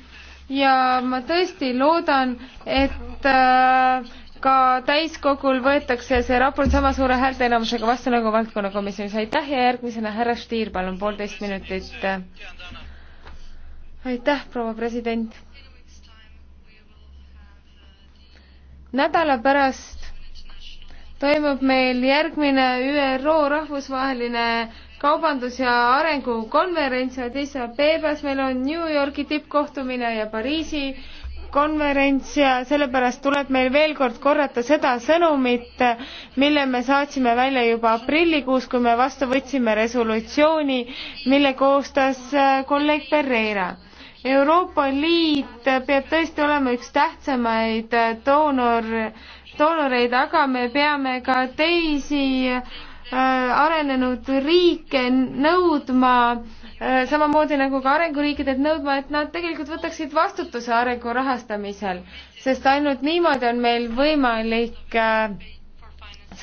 ja ma tõesti loodan, et äh, ka täiskogul võetakse see raport sama suure häälteenamusega vastu nagu valdkonnakomisjonis. aitäh ja järgmisena härra Stier, palun poolteist minutit. aitäh, proua president. nädala pärast toimub meil järgmine ÜRO rahvusvaheline kaubandus- ja arengukonverents Addis Abebas, meil on New Yorgi tippkohtumine ja Pariisi konverents ja sellepärast tuleb meil veel kord korrata seda sõnumit, mille me saatsime välja juba aprillikuus, kui me vastu võtsime resolutsiooni, mille koostas äh, kolleeg Pereira. Euroopa Liit peab tõesti olema üks tähtsamaid äh, doonor, doonoreid, aga me peame ka teisi Äh, arenenud riike nõudma, äh, samamoodi nagu ka arenguriikidelt nõudma, et nad tegelikult võtaksid vastutuse arengu rahastamisel, sest ainult niimoodi on meil võimalik äh,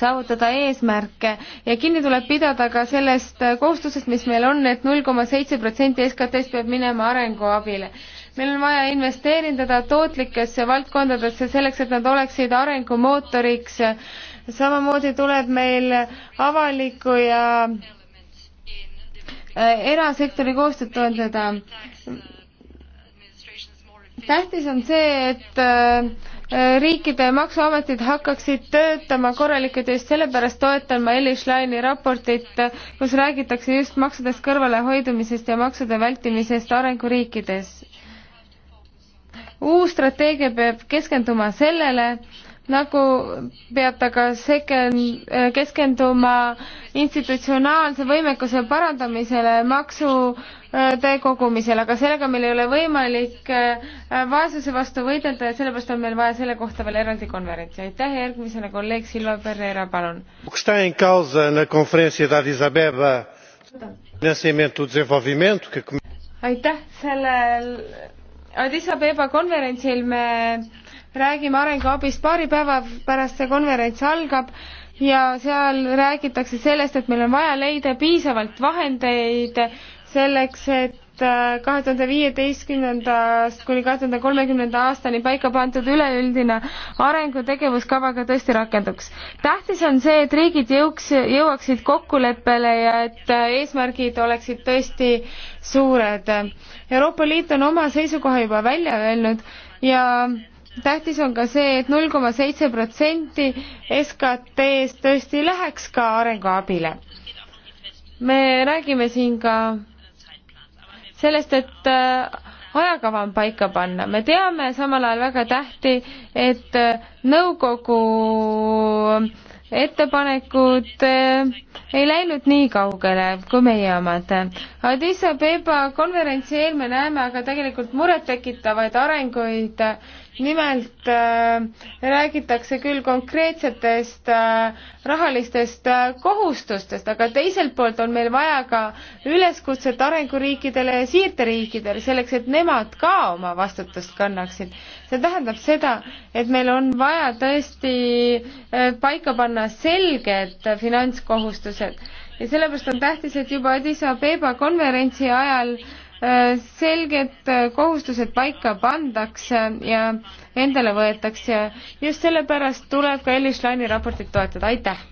saavutada eesmärke ja kinni tuleb pidada ka sellest kohustusest, mis meil on et, et null koma seitse protsenti SKT-st peab minema arenguabile. meil on vaja investeerida tootlikesse valdkondadesse selleks, et nad oleksid arengumootoriks samamoodi tuleb meil avaliku ja äh, erasektori koostööd toetada. tähtis on see, et äh, riikide maksuametid hakkaksid töötama korralikult ja just sellepärast toetan ma Elli Schleini raportit, kus räägitakse just maksudest kõrvalehoidumisest ja maksude vältimisest arenguriikides. uus strateegia peab keskenduma sellele, nagu peab ta ka seken-, keskenduma institutsionaalse võimekuse parandamisele, maksude kogumisele, aga sellega meil ei ole võimalik äh, vaesuse vastu võidelda ja sellepärast on meil vaja selle kohta veel eraldi konverentsi. aitäh, järgmisena kolleeg Silva Pereira, palun. aitäh, sellel Addis Abeba konverentsil me räägime arenguabist paari päeva pärast see konverents algab ja seal räägitakse sellest, et meil on vaja leida piisavalt vahendeid selleks, et äh, kahe tuhande viieteistkümnendast kuni kahe tuhande kolmekümnenda aastani paika pandud üleüldine arengutegevuskavaga tõesti rakenduks. tähtis on see, et riigid jõuks, jõuaksid kokkuleppele ja et äh, eesmärgid oleksid tõesti suured. Euroopa Liit on oma seisukoha juba välja öelnud ja tähtis on ka see et, et null koma seitse protsenti SKT-st tõesti läheks ka arenguabile. me räägime siin ka sellest, et äh, ajakava on paika panna. me teame samal ajal väga tähti, et äh, nõukogu ettepanekud äh, ei läinud nii kaugele kui meie omad. Addis Abeba konverentsi eel me näeme aga tegelikult murettekitavaid arenguid nimelt äh, räägitakse küll konkreetsetest äh, rahalistest äh, kohustustest, aga teiselt poolt on meil vaja ka üleskutset arenguriikidele ja siirderiikidele selleks, et nemad ka oma vastutust kannaksid. see tähendab seda, et meil on vaja tõesti äh, paika panna selged äh, finantskohustused ja sellepärast on tähtis, et juba Addis Abeba konverentsi ajal äh, selged kohustused paika pandakse ja endale võetakse. just sellepärast tuleb ka Elis Laini raportit toetada, aitäh!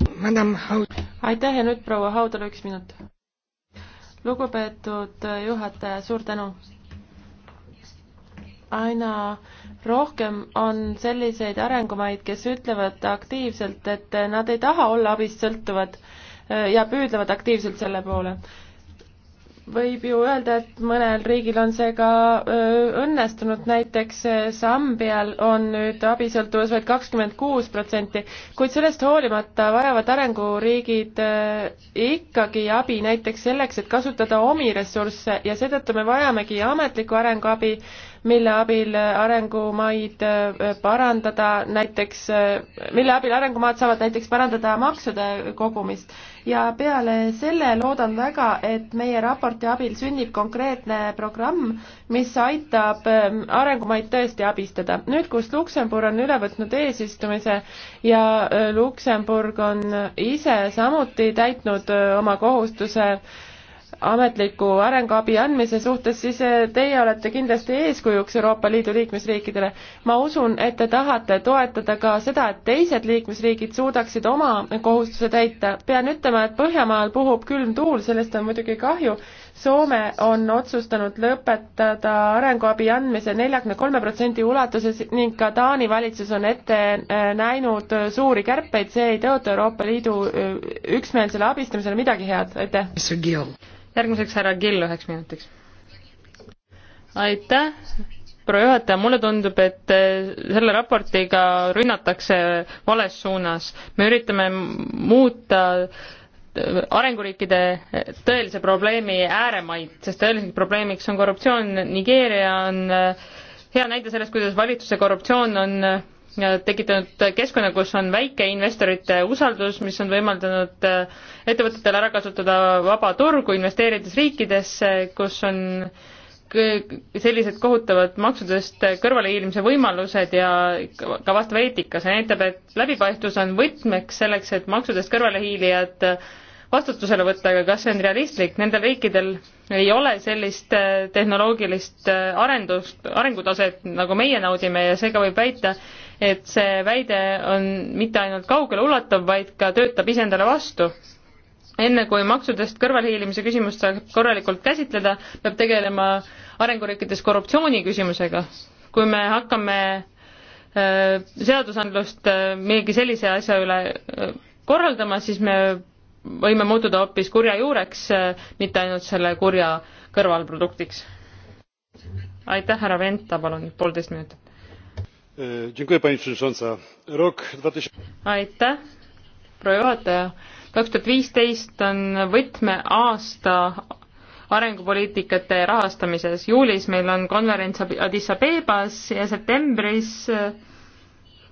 aitäh ja nüüd proua Haudale üks minut. lugupeetud juhataja, suur tänu! aina rohkem on selliseid arengumaid, kes ütlevad aktiivselt, et nad ei taha olla abist sõltuvad ja püüdlevad aktiivselt selle poole võib ju öelda, et mõnel riigil on see ka õnnestunud, näiteks Sambial on nüüd abisõltuvus vaid kakskümmend kuus protsenti, kuid sellest hoolimata vajavad arenguriigid ikkagi abi näiteks selleks, et kasutada omi ressursse ja seetõttu me vajamegi ametlikku arenguabi, mille abil arengumaid äh, parandada näiteks, äh, mille abil arengumaad saavad näiteks parandada maksude kogumist. ja peale selle loodan väga, et meie raporti abil sünnib konkreetne programm, mis aitab ähm, arengumaid tõesti abistada. nüüd, kus Luksemburg on üle võtnud eesistumise ja äh, Luksemburg on ise samuti täitnud oma kohustuse ametliku arenguabi andmise suhtes, siis eh, teie olete kindlasti eeskujuks Euroopa Liidu liikmesriikidele. ma usun, et te tahate toetada ka seda, et teised liikmesriigid suudaksid oma kohustuse täita. pean ütlema, et Põhjamaal puhub külm tuul, sellest on muidugi kahju. Soome on otsustanud lõpetada arenguabi andmise neljakümne kolme protsendi ulatuses ning ka Taani valitsus on ette eh, näinud suuri kärpeid, see ei tõota Euroopa Liidu eh, üksmeelsele abistamisele midagi head, aitäh! järgmiseks härra Kill üheks minutiks. aitäh, proua juhataja, mulle tundub, et äh, selle raportiga rünnatakse vales suunas. me üritame muuta äh, arenguriikide äh, tõelise probleemi ääremaid, sest tõeliseks probleemiks on korruptsioon. Nigeeria on hea näide sellest, kuidas valitsuse korruptsioon on tekitanud keskkonna, kus on väikeinvestorite usaldus, mis on võimaldanud äh, ettevõtetel ära kasutada vaba turgu, investeerides riikidesse, kus on sellised kohutavad maksudest kõrvalehiilimise võimalulused ja ka vastav eetika, see näitab, et läbipaistvus on võtmeks selleks, et maksudest kõrvalehiilijad vastutusele võtta, aga kas see on realistlik, nendel riikidel ei ole sellist äh, tehnoloogilist äh, arendust, arengutaset, nagu meie naudime ja seega võib väita, et see väide on mitte ainult kaugeleulatuv, vaid ka töötab iseendale vastu. enne kui maksudest kõrvalhiilimise küsimust saab korralikult käsitleda, peab tegelema arenguriikides korruptsiooni küsimusega. kui me hakkame äh, seadusandlust äh, mingi sellise asja üle äh, korraldama, siis me võime muutuda hoopis kurja juureks, äh, mitte ainult selle kurja kõrvalproduktiks. aitäh, härra Venta, palun, poolteist minutit aitäh, proua juhataja. kaks tuhat viisteist on võtmeaasta arengupoliitikate rahastamises. juulis meil on konverents Addis Abebas ja septembris äh,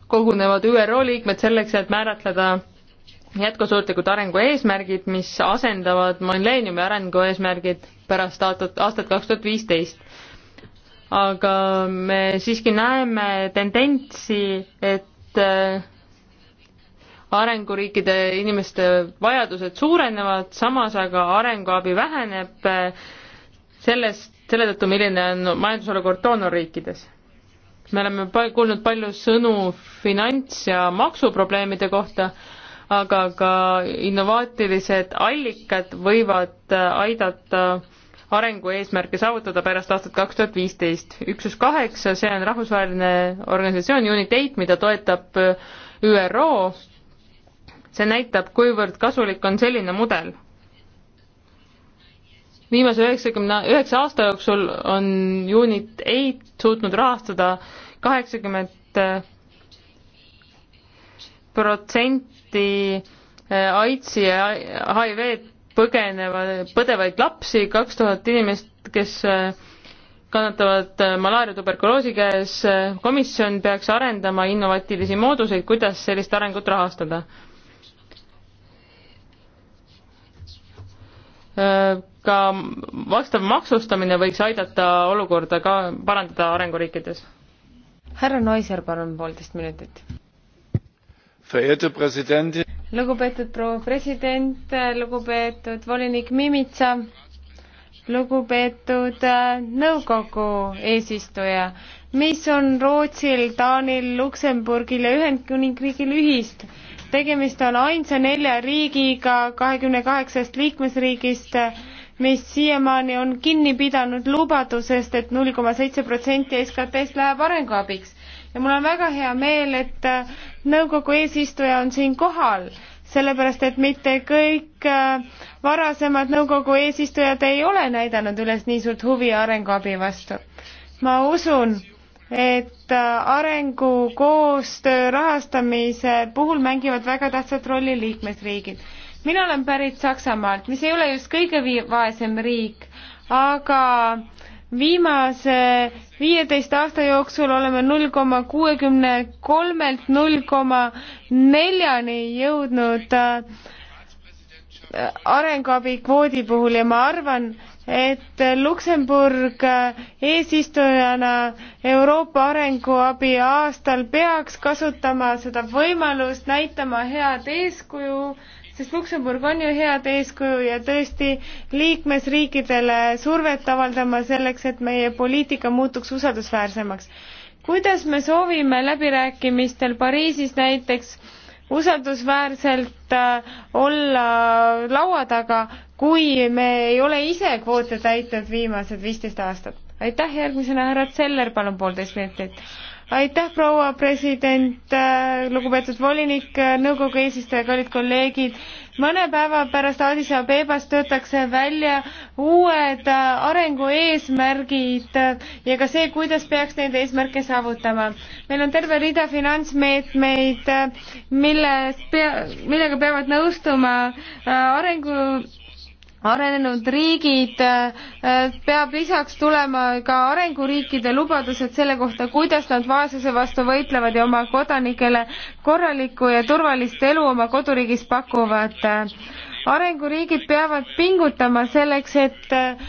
kogunevad ÜRO liikmed selleks, et määratleda jätkusuutlikud arengueesmärgid, mis asendavad milleeniumi arengueesmärgid pärast aastat, aastat kaks tuhat viisteist aga me siiski näeme tendentsi, et äh, arenguriikide inimeste vajadused suurenevad, samas aga arenguabi väheneb äh, sellest, selle tõttu, milline on majandusolukord doonorriikides. me oleme pal-, kuulnud palju sõnu finants- ja maksuprobleemide kohta, aga ka innovaatilised allikad võivad äh, aidata äh, arengueesmärke saavutada pärast aastat kaks tuhat viisteist. üksus kaheksa, see on rahvusvaheline organisatsioon UNITAID, mida toetab äh, ÜRO. see näitab, kuivõrd kasulik on selline mudel. viimase üheksakümne üheksa aasta jooksul on UNITAID suutnud rahastada kaheksakümmend äh, protsenti AIDSi äh, ja HIV-d põgenevad, põdevaid lapsi, kaks tuhat inimest, kes äh, kannatavad äh, malaaria tuberkuloosi käes. Äh, komisjon peaks arendama innovaatilisi mooduseid, kuidas sellist arengut rahastada. ka vastav maksustamine võiks aidata olukorda ka parandada arenguriikides. härra Noiser, palun poolteist minutit lugupeetud proua president, lugupeetud volinik Mimitsa, lugupeetud äh, nõukogu eesistuja, mis on Rootsil, Taanil, Luksemburgil ja Ühendkuningriigil ühist? tegemist on ainsa nelja riigiga kahekümne kaheksast liikmesriigist, mis siiamaani on kinni pidanud lubadusest et, et null koma seitse protsenti SKT-st läheb arenguabiks ja mul on väga hea meel, et äh, nõukogu eesistuja on siin kohal, sellepärast et mitte kõik äh, varasemad nõukogu eesistujad ei ole näidanud üles nii suurt huvi arenguabi vastu. ma usun, et äh, arengukoostöö rahastamise puhul mängivad väga tähtsat rolli liikmesriigid. mina olen pärit Saksamaalt, mis ei ole just kõige vaesem riik, aga viimase viieteist aasta jooksul oleme null koma kuuekümne kolmelt null koma neljani jõudnud äh, arenguabi kvoodi puhul ja ma arvan, et Luksemburg eesistujana Euroopa arenguabi aastal peaks kasutama seda võimalust, näitama head eeskuju äh, sest Luksemburg on ju head eeskuju ja tõesti liikmesriikidele survet avaldama selleks, et meie poliitika muutuks usaldusväärsemaks. kuidas me soovime läbirääkimistel Pariisis näiteks usaldusväärselt äh, olla laua taga, kui me ei ole ise kvoote täitnud viimased viisteist aastat. aitäh, järgmisena härra Zeller, palun poolteist minutit aitäh, proua president, äh, lugupeetud volinik, äh, nõukogu eesistuja, kallid kolleegid. mõne päeva pärast Addis Abebas töötakse välja uued äh, arengueesmärgid ja ka see, kuidas peaks neid eesmärke saavutama. meil on terve rida finantsmeetmeid, milles pea, millega peavad nõustuma arengu arenenud riigid, äh, peab lisaks tulema ka arenguriikide lubadused selle kohta, kuidas nad vaesuse vastu võitlevad ja oma kodanikele korralikku ja turvalist elu oma koduriigis pakuvad arenguriigid peavad pingutama selleks, et äh,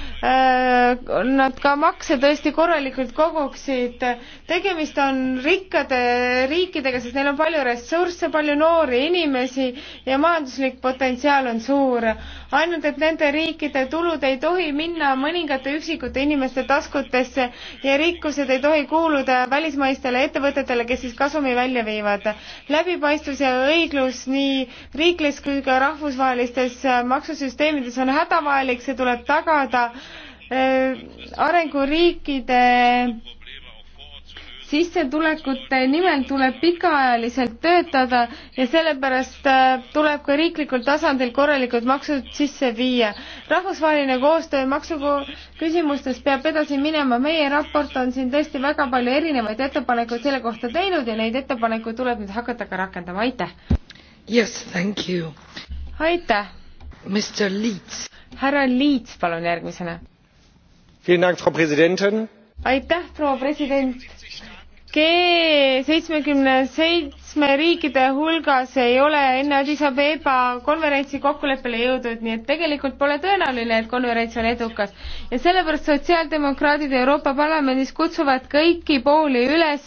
nad ka makse tõesti korralikult koguksid. tegemist on rikkade riikidega, sest neil on palju ressursse, palju noori inimesi ja majanduslik potentsiaal on suur. ainult, et nende riikide tulud ei tohi minna mõningate üksikute inimeste taskutesse ja rikkused ei tohi kuuluda välismaistele ettevõtetele, kes siis kasumi välja viivad. läbipaistvus ja õiglus nii riiklis kui ka rahvusvahelistes erinevates äh, maksusüsteemides on hädavajalik, see tuleb tagada äh, arenguriikide sissetulekute nimel tuleb pikaajaliselt töötada ja sellepärast äh, tuleb ka riiklikul tasandil korralikud maksud sisse viia. rahvusvaheline koostöö maksuküsimustes peab edasi minema, meie raport on siin tõesti väga palju erinevaid ettepanekuid selle kohta teinud ja neid ettepanekuid tuleb nüüd hakata ka rakendama, aitäh! Yes, thank you aitäh. härra Liits, palun järgmisena. aitäh, proua president. G seitsmekümne seitse võtme riikide hulgas ei ole enne Addis Abeba konverentsi kokkuleppele jõudnud, nii et tegelikult pole tõenäoline, et konverents on edukas. ja sellepärast sotsiaaldemokraadid Euroopa Parlamendis kutsuvad kõiki pooli üles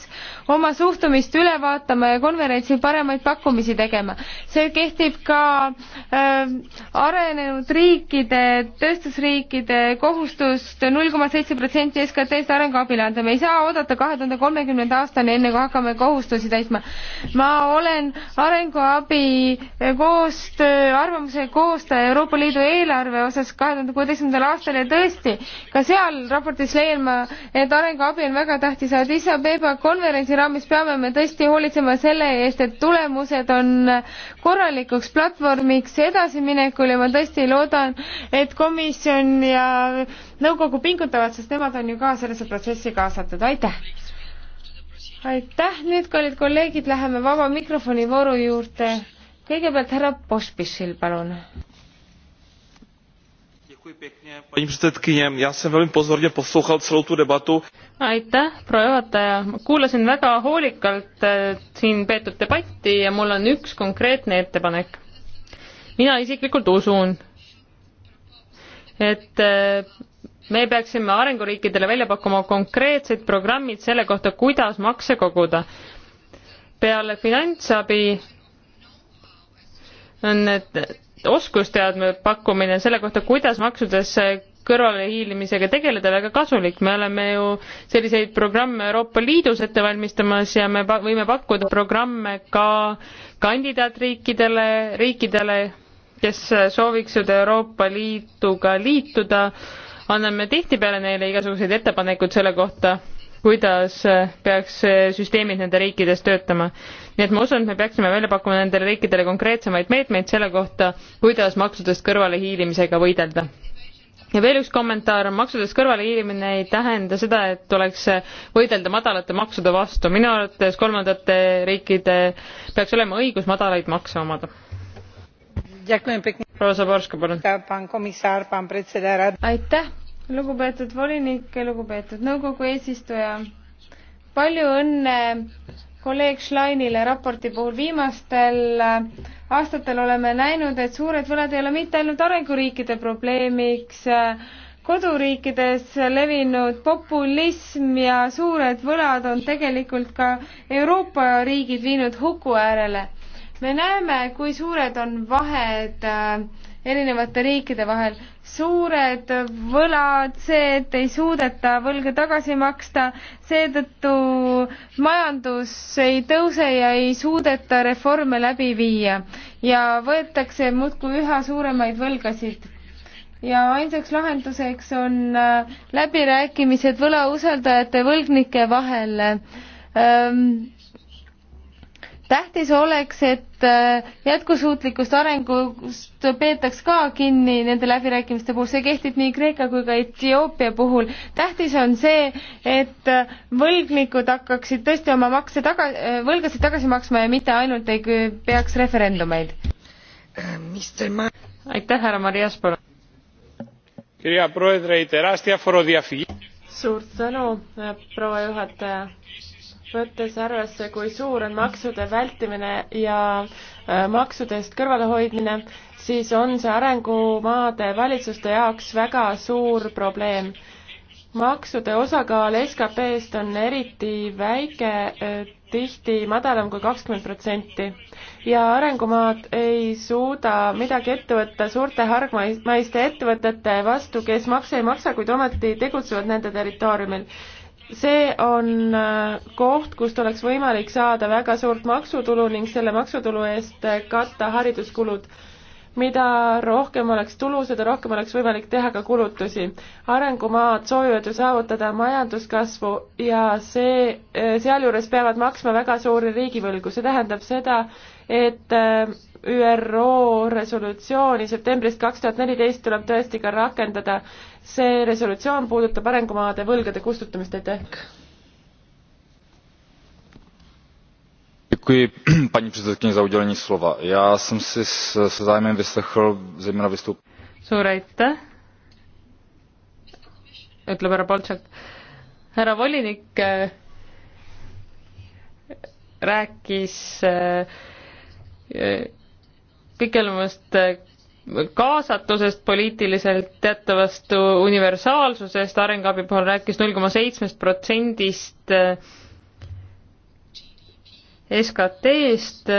oma suhtumist üle vaatama ja konverentsil paremaid pakkumisi tegema. see kehtib ka äh, arenenud riikide, tööstusriikide kohustust null koma seitse protsenti SKT-st arenguabile anda, me ei saa oodata kahe tuhande kolmekümnenda aastani, enne kui hakkame kohustusi täitma ma olen arenguabi koostöö, arvamuse koostaja Euroopa Liidu eelarve osas kahe tuhande kuueteistkümnendal aastal ja tõesti, ka seal raportis leian ma, et arenguabi on väga tähtis. Addis Abeba konverentsi raames peame me tõesti hoolitsema selle eest, et tulemused on korralikuks platvormiks edasiminekul ja ma tõesti loodan, et komisjon ja nõukogu pingutavad, sest nemad on ju ka sellesse protsessi kaasatud. aitäh! aitäh, nüüd, kallid kolleegid, läheme vaba mikrofoni vooru juurde. kõigepealt härra Pospišil, palun. aitäh, proua juhataja, kuulasin väga hoolikalt äh, siin peetud debatti ja mul on üks konkreetne ettepanek. mina isiklikult usun, et äh, me peaksime arenguriikidele välja pakkuma konkreetsed programmid selle kohta, kuidas makse koguda. peale finantsabi on need oskusteadme pakkumine selle kohta, kuidas maksudes kõrvalehiilimisega tegeleda, väga kasulik. me oleme ju selliseid programme Euroopa Liidus ette valmistamas ja me võime pakkuda programme ka kandidaatriikidele, riikidele, kes sooviksid Euroopa Liiduga liituda anname tihtipeale neile igasuguseid ettepanekuid selle kohta, kuidas äh, peaks äh, süsteemid nende riikides töötama. nii et ma usun, et me peaksime välja pakkuma nendele riikidele konkreetsemaid meetmeid selle kohta, kuidas maksudest kõrvalehiilimisega võidelda ja veel üks kommentaar, maksudest kõrvalehiilimine ei tähenda seda, et tuleks äh, võidelda madalate maksude vastu. minu arvates kolmandate riikide peaks olema õigus madalaid makse omada. proua Zaborska, palun. aitäh, lugupeetud volinik, lugupeetud nõukogu eesistuja, palju õnne kolleeg Schleinile raporti puhul. viimastel äh, aastatel oleme näinud, et suured võlad ei ole mitte ainult arenguriikide probleemiks, äh, koduriikides levinud populism ja suured võlad on tegelikult ka Euroopa riigid viinud huku äärele. me näeme, kui suured on vahed äh, erinevate riikide vahel. suured võlad, see, et ei suudeta võlga tagasi maksta, seetõttu majandus ei tõuse ja ei suudeta reforme läbi viia ja võetakse muudkui üha suuremaid võlgasid ja ainsaks lahenduseks on äh, läbirääkimised võlausaldajate võlgnike vahel tähtis oleks, et äh, jätkusuutlikust arengust peetaks ka kinni nende läbirääkimiste puhul, see kehtib nii Kreeka kui ka Etioopia puhul. tähtis on see, et äh, võlgnikud hakkaksid tõesti oma makse taga, äh, võlgasid tagasi maksma ja mitte ainult ei peaks referendumeid. aitäh, härra Marias, palun. suur tänu, proua juhataja võttes arvesse, kui suur on maksude vältimine ja äh, maksudest kõrvalehoidmine, siis on see arengumaade valitsuste jaoks väga suur probleem. maksude osakaal SKP-st on eriti väike, äh, tihti madalam kui kakskümmend protsenti ja arengumaad ei suuda midagi ette võtta suurte hargmaiste ettevõtete vastu, kes makse ei maksa, kuid ometi tegutsevad nende territooriumil see on äh, koht, kust oleks võimalik saada väga suurt maksutulu ning selle maksutulu eest äh, katta hariduskulud. mida rohkem oleks tulu, seda rohkem oleks võimalik teha ka kulutusi. arengumaad soovivad ju saavutada majanduskasvu ja see, äh, sealjuures peavad maksma väga suuri riigivõlgu, see tähendab seda, et ÜRO resolutsiooni septembrist kaks tuhat neliteist tuleb tõesti ka rakendada see resolutsioon puudutab arengumaade võlgade kustutamist, aitäh. Děkuji paní předsedkyně za udělení slova. Já jsem si s, s zájmem vyslechl zejména vystoupení. Suur aitäh, ütleb härra Baltšak. härra volinik äh, rääkis äh, kõikjal äh, kaasatusest poliitiliselt, teatavast universaalsusest, arenguabi puhul rääkis null koma seitsmest protsendist äh, SKT-st,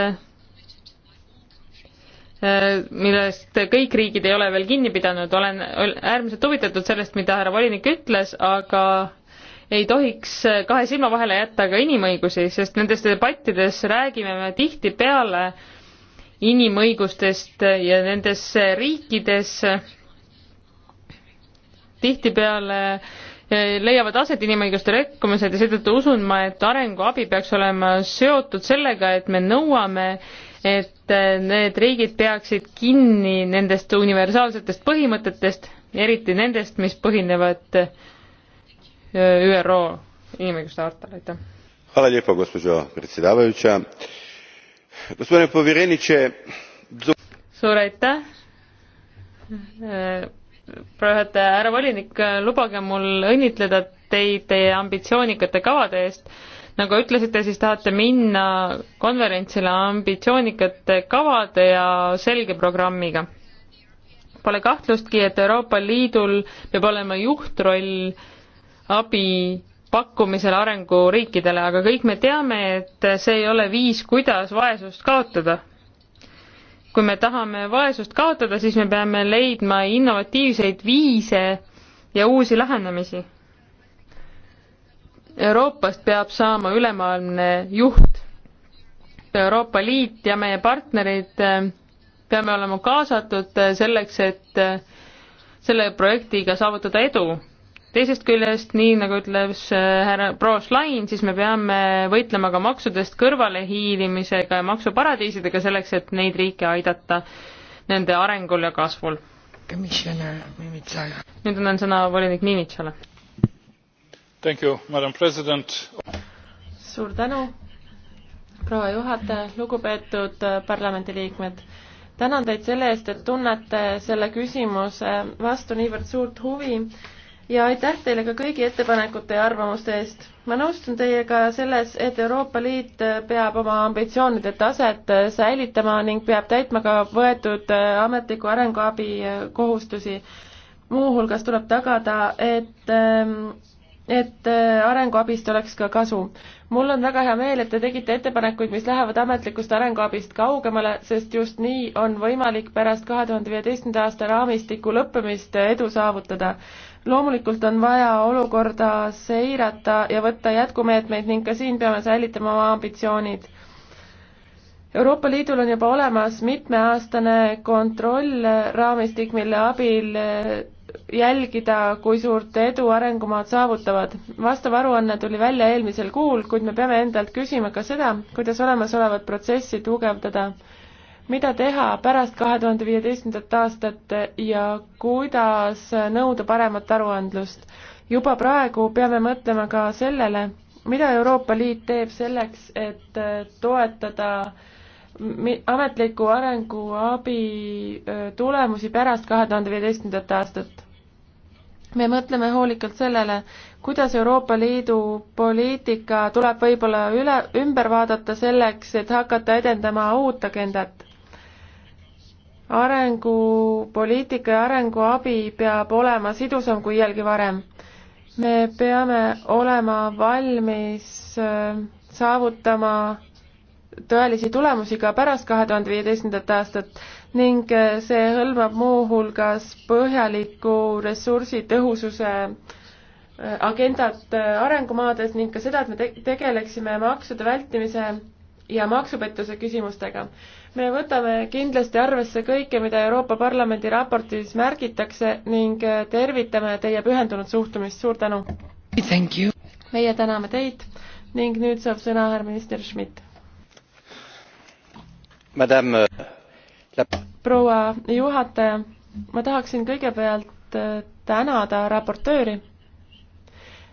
äh, millest kõik riigid ei ole veel kinni pidanud, olen äärmiselt huvitatud sellest, mida härra volinik ütles, aga ei tohiks äh, kahe silma vahele jätta ka inimõigusi, sest nendes debattides räägime me tihtipeale äh, inimõigustest ja nendesse riikidesse tihtipeale eh, leiavad aset inimõiguste rikkumised ja seetõttu usun ma, et arenguabi peaks olema seotud sellega, et me nõuame, et eh, need riigid peaksid kinni nendest universaalsetest põhimõtetest, eriti nendest, mis põhinevad eh, ÜRO inimõiguste hartal, aitäh gospodine povjereniče suur aitäh proua juhataja härra volinik lubage mul õnnitleda teid teie ambitsioonikate kavade eest nagu ütlesite siis tahate minna konverentsile ambitsioonikate kavade ja selge programmiga pole kahtlustki et euroopa liidul peab olema juhtroll abi pakkumisel arenguriikidele, aga kõik me teame, et see ei ole viis, kuidas vaesust kaotada. kui me tahame vaesust kaotada, siis me peame leidma innovatiivseid viise ja uusi lähenemisi. Euroopast peab saama ülemaailmne juht. Euroopa Liit ja meie partnerid äh, peame olema kaasatud äh, selleks, et äh, selle projektiga saavutada edu teisest küljest, nii nagu ütles äh, härra proua Schlein, siis me peame võitlema ka maksudest kõrvalehiilimisega ja maksuparadiisidega selleks, et neid riike aidata nende arengul ja kasvul. nüüd annan sõna volinik Niinitsale. suur tänu, proua juhataja, lugupeetud äh, parlamendiliikmed tänan teid selle eest, et tunnete selle küsimuse vastu niivõrd suurt huvi ja aitäh teile ka kõigi ettepanekute ja arvamuste eest. ma nõustun teiega selles, et Euroopa Liit peab oma ambitsioonide taset säilitama ning peab täitma ka võetud ametliku arenguabi kohustusi. muuhulgas tuleb tagada, et et arenguabist oleks ka kasu. mul on väga hea meel, et te tegite ettepanekuid, mis lähevad ametlikust arenguabist kaugemale, sest just nii on võimalik pärast kahe tuhande viieteistkümnenda aasta raamistiku lõppemist edu saavutada loomulikult on vaja olukorda seirata ja võtta jätkumeetmeid ning ka siin peame säilitama oma ambitsioonid Euroopa Liidul on juba olemas mitmeaastane kontrollraamistik, mille abil jälgida, kui suurt edu arengumaad saavutavad. vastav aruanne tuli välja eelmisel kuul, kuid me peame endalt küsima ka seda, kuidas olemasolevat protsessi tugevdada mida teha pärast kahe tuhande viieteistkümnendat aastat ja kuidas nõuda paremat aruandlust. juba praegu peame mõtlema ka sellele, mida Euroopa Liit teeb selleks, et toetada ametliku arenguabi tulemusi pärast kahe tuhande viieteistkümnendat aastat. me mõtleme hoolikalt sellele, kuidas Euroopa Liidu poliitika tuleb võib-olla üle, ümber vaadata selleks, et hakata edendama uut agendat arengupoliitika ja arenguabi peab olema sidusam kui iialgi varem. me peame olema valmis äh, saavutama tõelisi tulemusi ka pärast kahe tuhande viieteistkümnendat aastat ning äh, see hõlmab muuhulgas põhjaliku ressursitõhususe äh, agendat arengumaades ning ka seda, et me tegeleksime maksude vältimise ja maksupettuse küsimustega me võtame kindlasti arvesse kõike, mida Euroopa Parlamendi raportis märgitakse ning äh, tervitame teie pühendunud suhtumist, suur tänu! meie täname teid ning nüüd saab sõna härra minister Schmidt. Äh, proua juhataja, ma tahaksin kõigepealt äh, tänada raportööri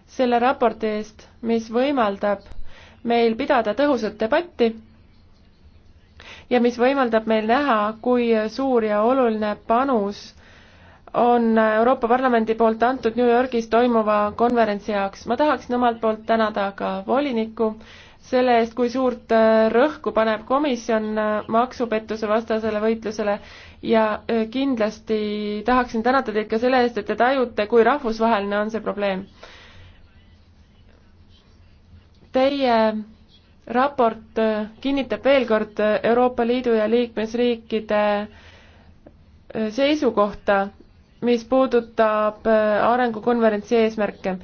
selle raporti eest, mis võimaldab meil pidada tõhusat debatti ja mis võimaldab meil näha, kui suur ja oluline panus on Euroopa Parlamendi poolt antud New Yorgis toimuva konverentsi jaoks. ma tahaksin omalt poolt tänada ka volinikku selle eest, kui suurt äh, rõhku paneb komisjon äh, maksupettuse vastasele võitlusele ja äh, kindlasti tahaksin tänada teid ka selle eest, et te tajute, kui rahvusvaheline on see probleem. Teie raport äh, kinnitab veel kord äh, Euroopa Liidu ja liikmesriikide äh, seisukohta, mis puudutab arengukonverentsi eesmärke.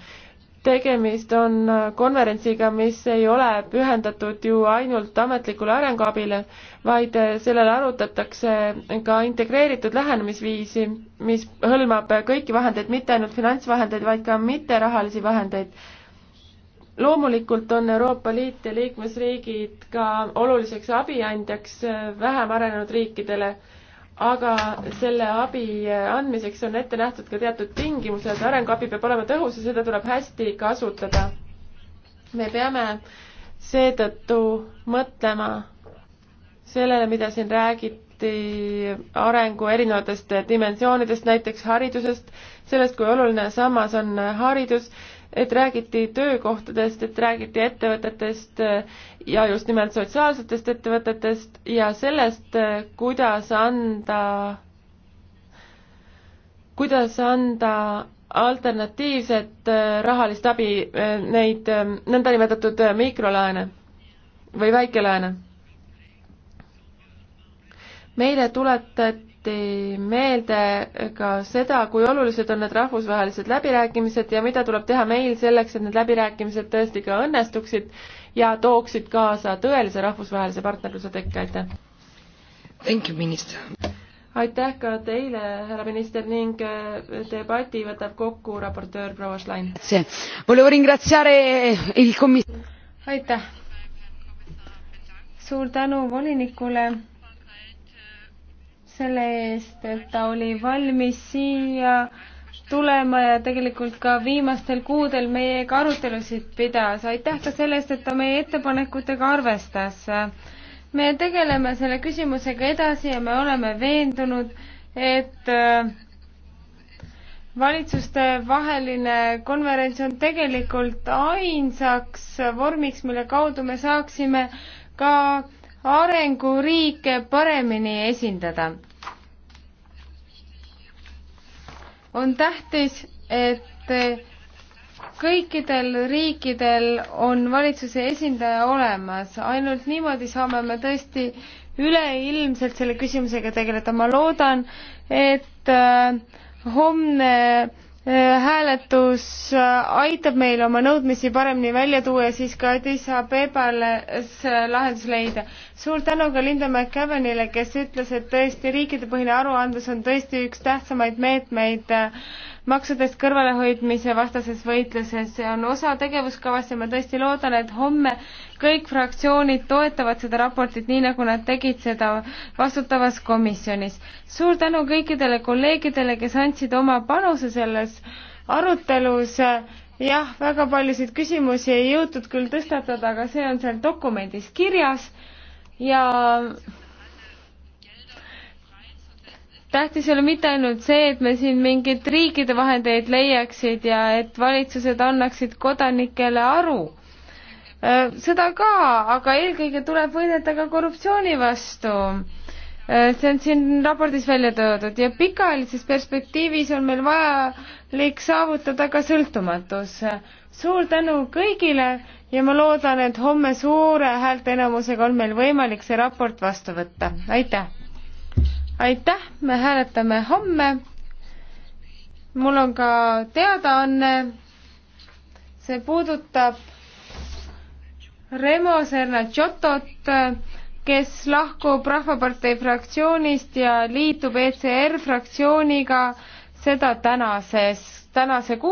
tegemist on konverentsiga, mis ei ole pühendatud ju ainult ametlikule arenguabile, vaid sellele arutatakse ka integreeritud lähenemisviisi, mis hõlmab kõiki vahendeid, mitte ainult finantsvahendeid, vaid ka mitterahalisi vahendeid loomulikult on Euroopa Liit ja liikmesriigid ka oluliseks abiandjaks äh, vähem arenenud riikidele, aga selle abi äh, andmiseks on ette nähtud ka teatud tingimused, arenguabi peab olema tõhus ja seda tuleb hästi kasutada. me peame seetõttu mõtlema sellele, mida siin räägiti arengu erinevatest dimensioonidest, näiteks haridusest, sellest, kui oluline sammas on haridus et räägiti töökohtadest, et räägiti ettevõtetest ja just nimelt sotsiaalsetest ettevõtetest ja sellest, kuidas anda, kuidas anda alternatiivset rahalist abi, eh, neid eh, nõndanimetatud eh, mikrolaene või väikelaene. meile tuletati tuletati meelde ka seda, kui olulised on need rahvusvahelised läbirääkimised ja mida tuleb teha meil selleks, et need läbirääkimised tõesti ka õnnestuksid ja tooksid kaasa tõelise rahvusvahelise partnerluse tekke, aitäh! Thank you, minister! aitäh ka teile, härra minister ning äh, debati võtab kokku raportöör proua Schlein. Eh, aitäh! suur tänu volinikule selle eest, et ta oli valmis siia tulema ja tegelikult ka viimastel kuudel meiega arutelusid pidas. aitäh ka selle eest, et ta meie ettepanekutega arvestas. me tegeleme selle küsimusega edasi ja me oleme veendunud, et äh, valitsuste vaheline konverents on tegelikult ainsaks vormiks, mille kaudu me saaksime ka arenguriike paremini esindada. on tähtis, et kõikidel riikidel on valitsuse esindaja olemas, ainult niimoodi saame me tõesti üleilmselt selle küsimusega tegeleda, ma loodan, et äh, homne äh, Äh, hääletus äh, aitab meil oma nõudmisi paremini välja tuua ja siis ka Addis Abebale lahendus leida. suur tänu ka Linda McCavanile, kes ütles, et tõesti riikidepõhine aruandlus on tõesti üks tähtsamaid meetmeid äh, maksudest kõrvalehoidmise vastases võitluses. see on osa tegevuskavast ja ma tõesti loodan, et homme kõik fraktsioonid toetavad seda raportit, nii nagu nad tegid seda vastutavas komisjonis. suur tänu kõikidele kolleegidele, kes andsid oma panuse selles arutelus. jah, väga paljusid küsimusi ei jõutud küll tõstatada, aga see on seal dokumendis kirjas ja tähtis ei ole mitte ainult see, et me siin mingeid riikide vahendeid leiaksid ja et valitsused annaksid kodanikele aru Äh, seda ka, aga eelkõige tuleb võidelda ka korruptsiooni vastu. Äh, see on siin raportis välja toodud ja pikaajalises perspektiivis on meil vajalik saavutada ka sõltumatus. suur tänu kõigile ja ma loodan, et homme suure häälteenamusega on meil võimalik see raport vastu võtta. aitäh! aitäh, me hääletame homme. mul on ka teadaanne, see puudutab Remo Sernatšotot, kes lahkub Rahvapartei fraktsioonist ja liitub ECR fraktsiooniga, seda tänases, tänase kuupäeva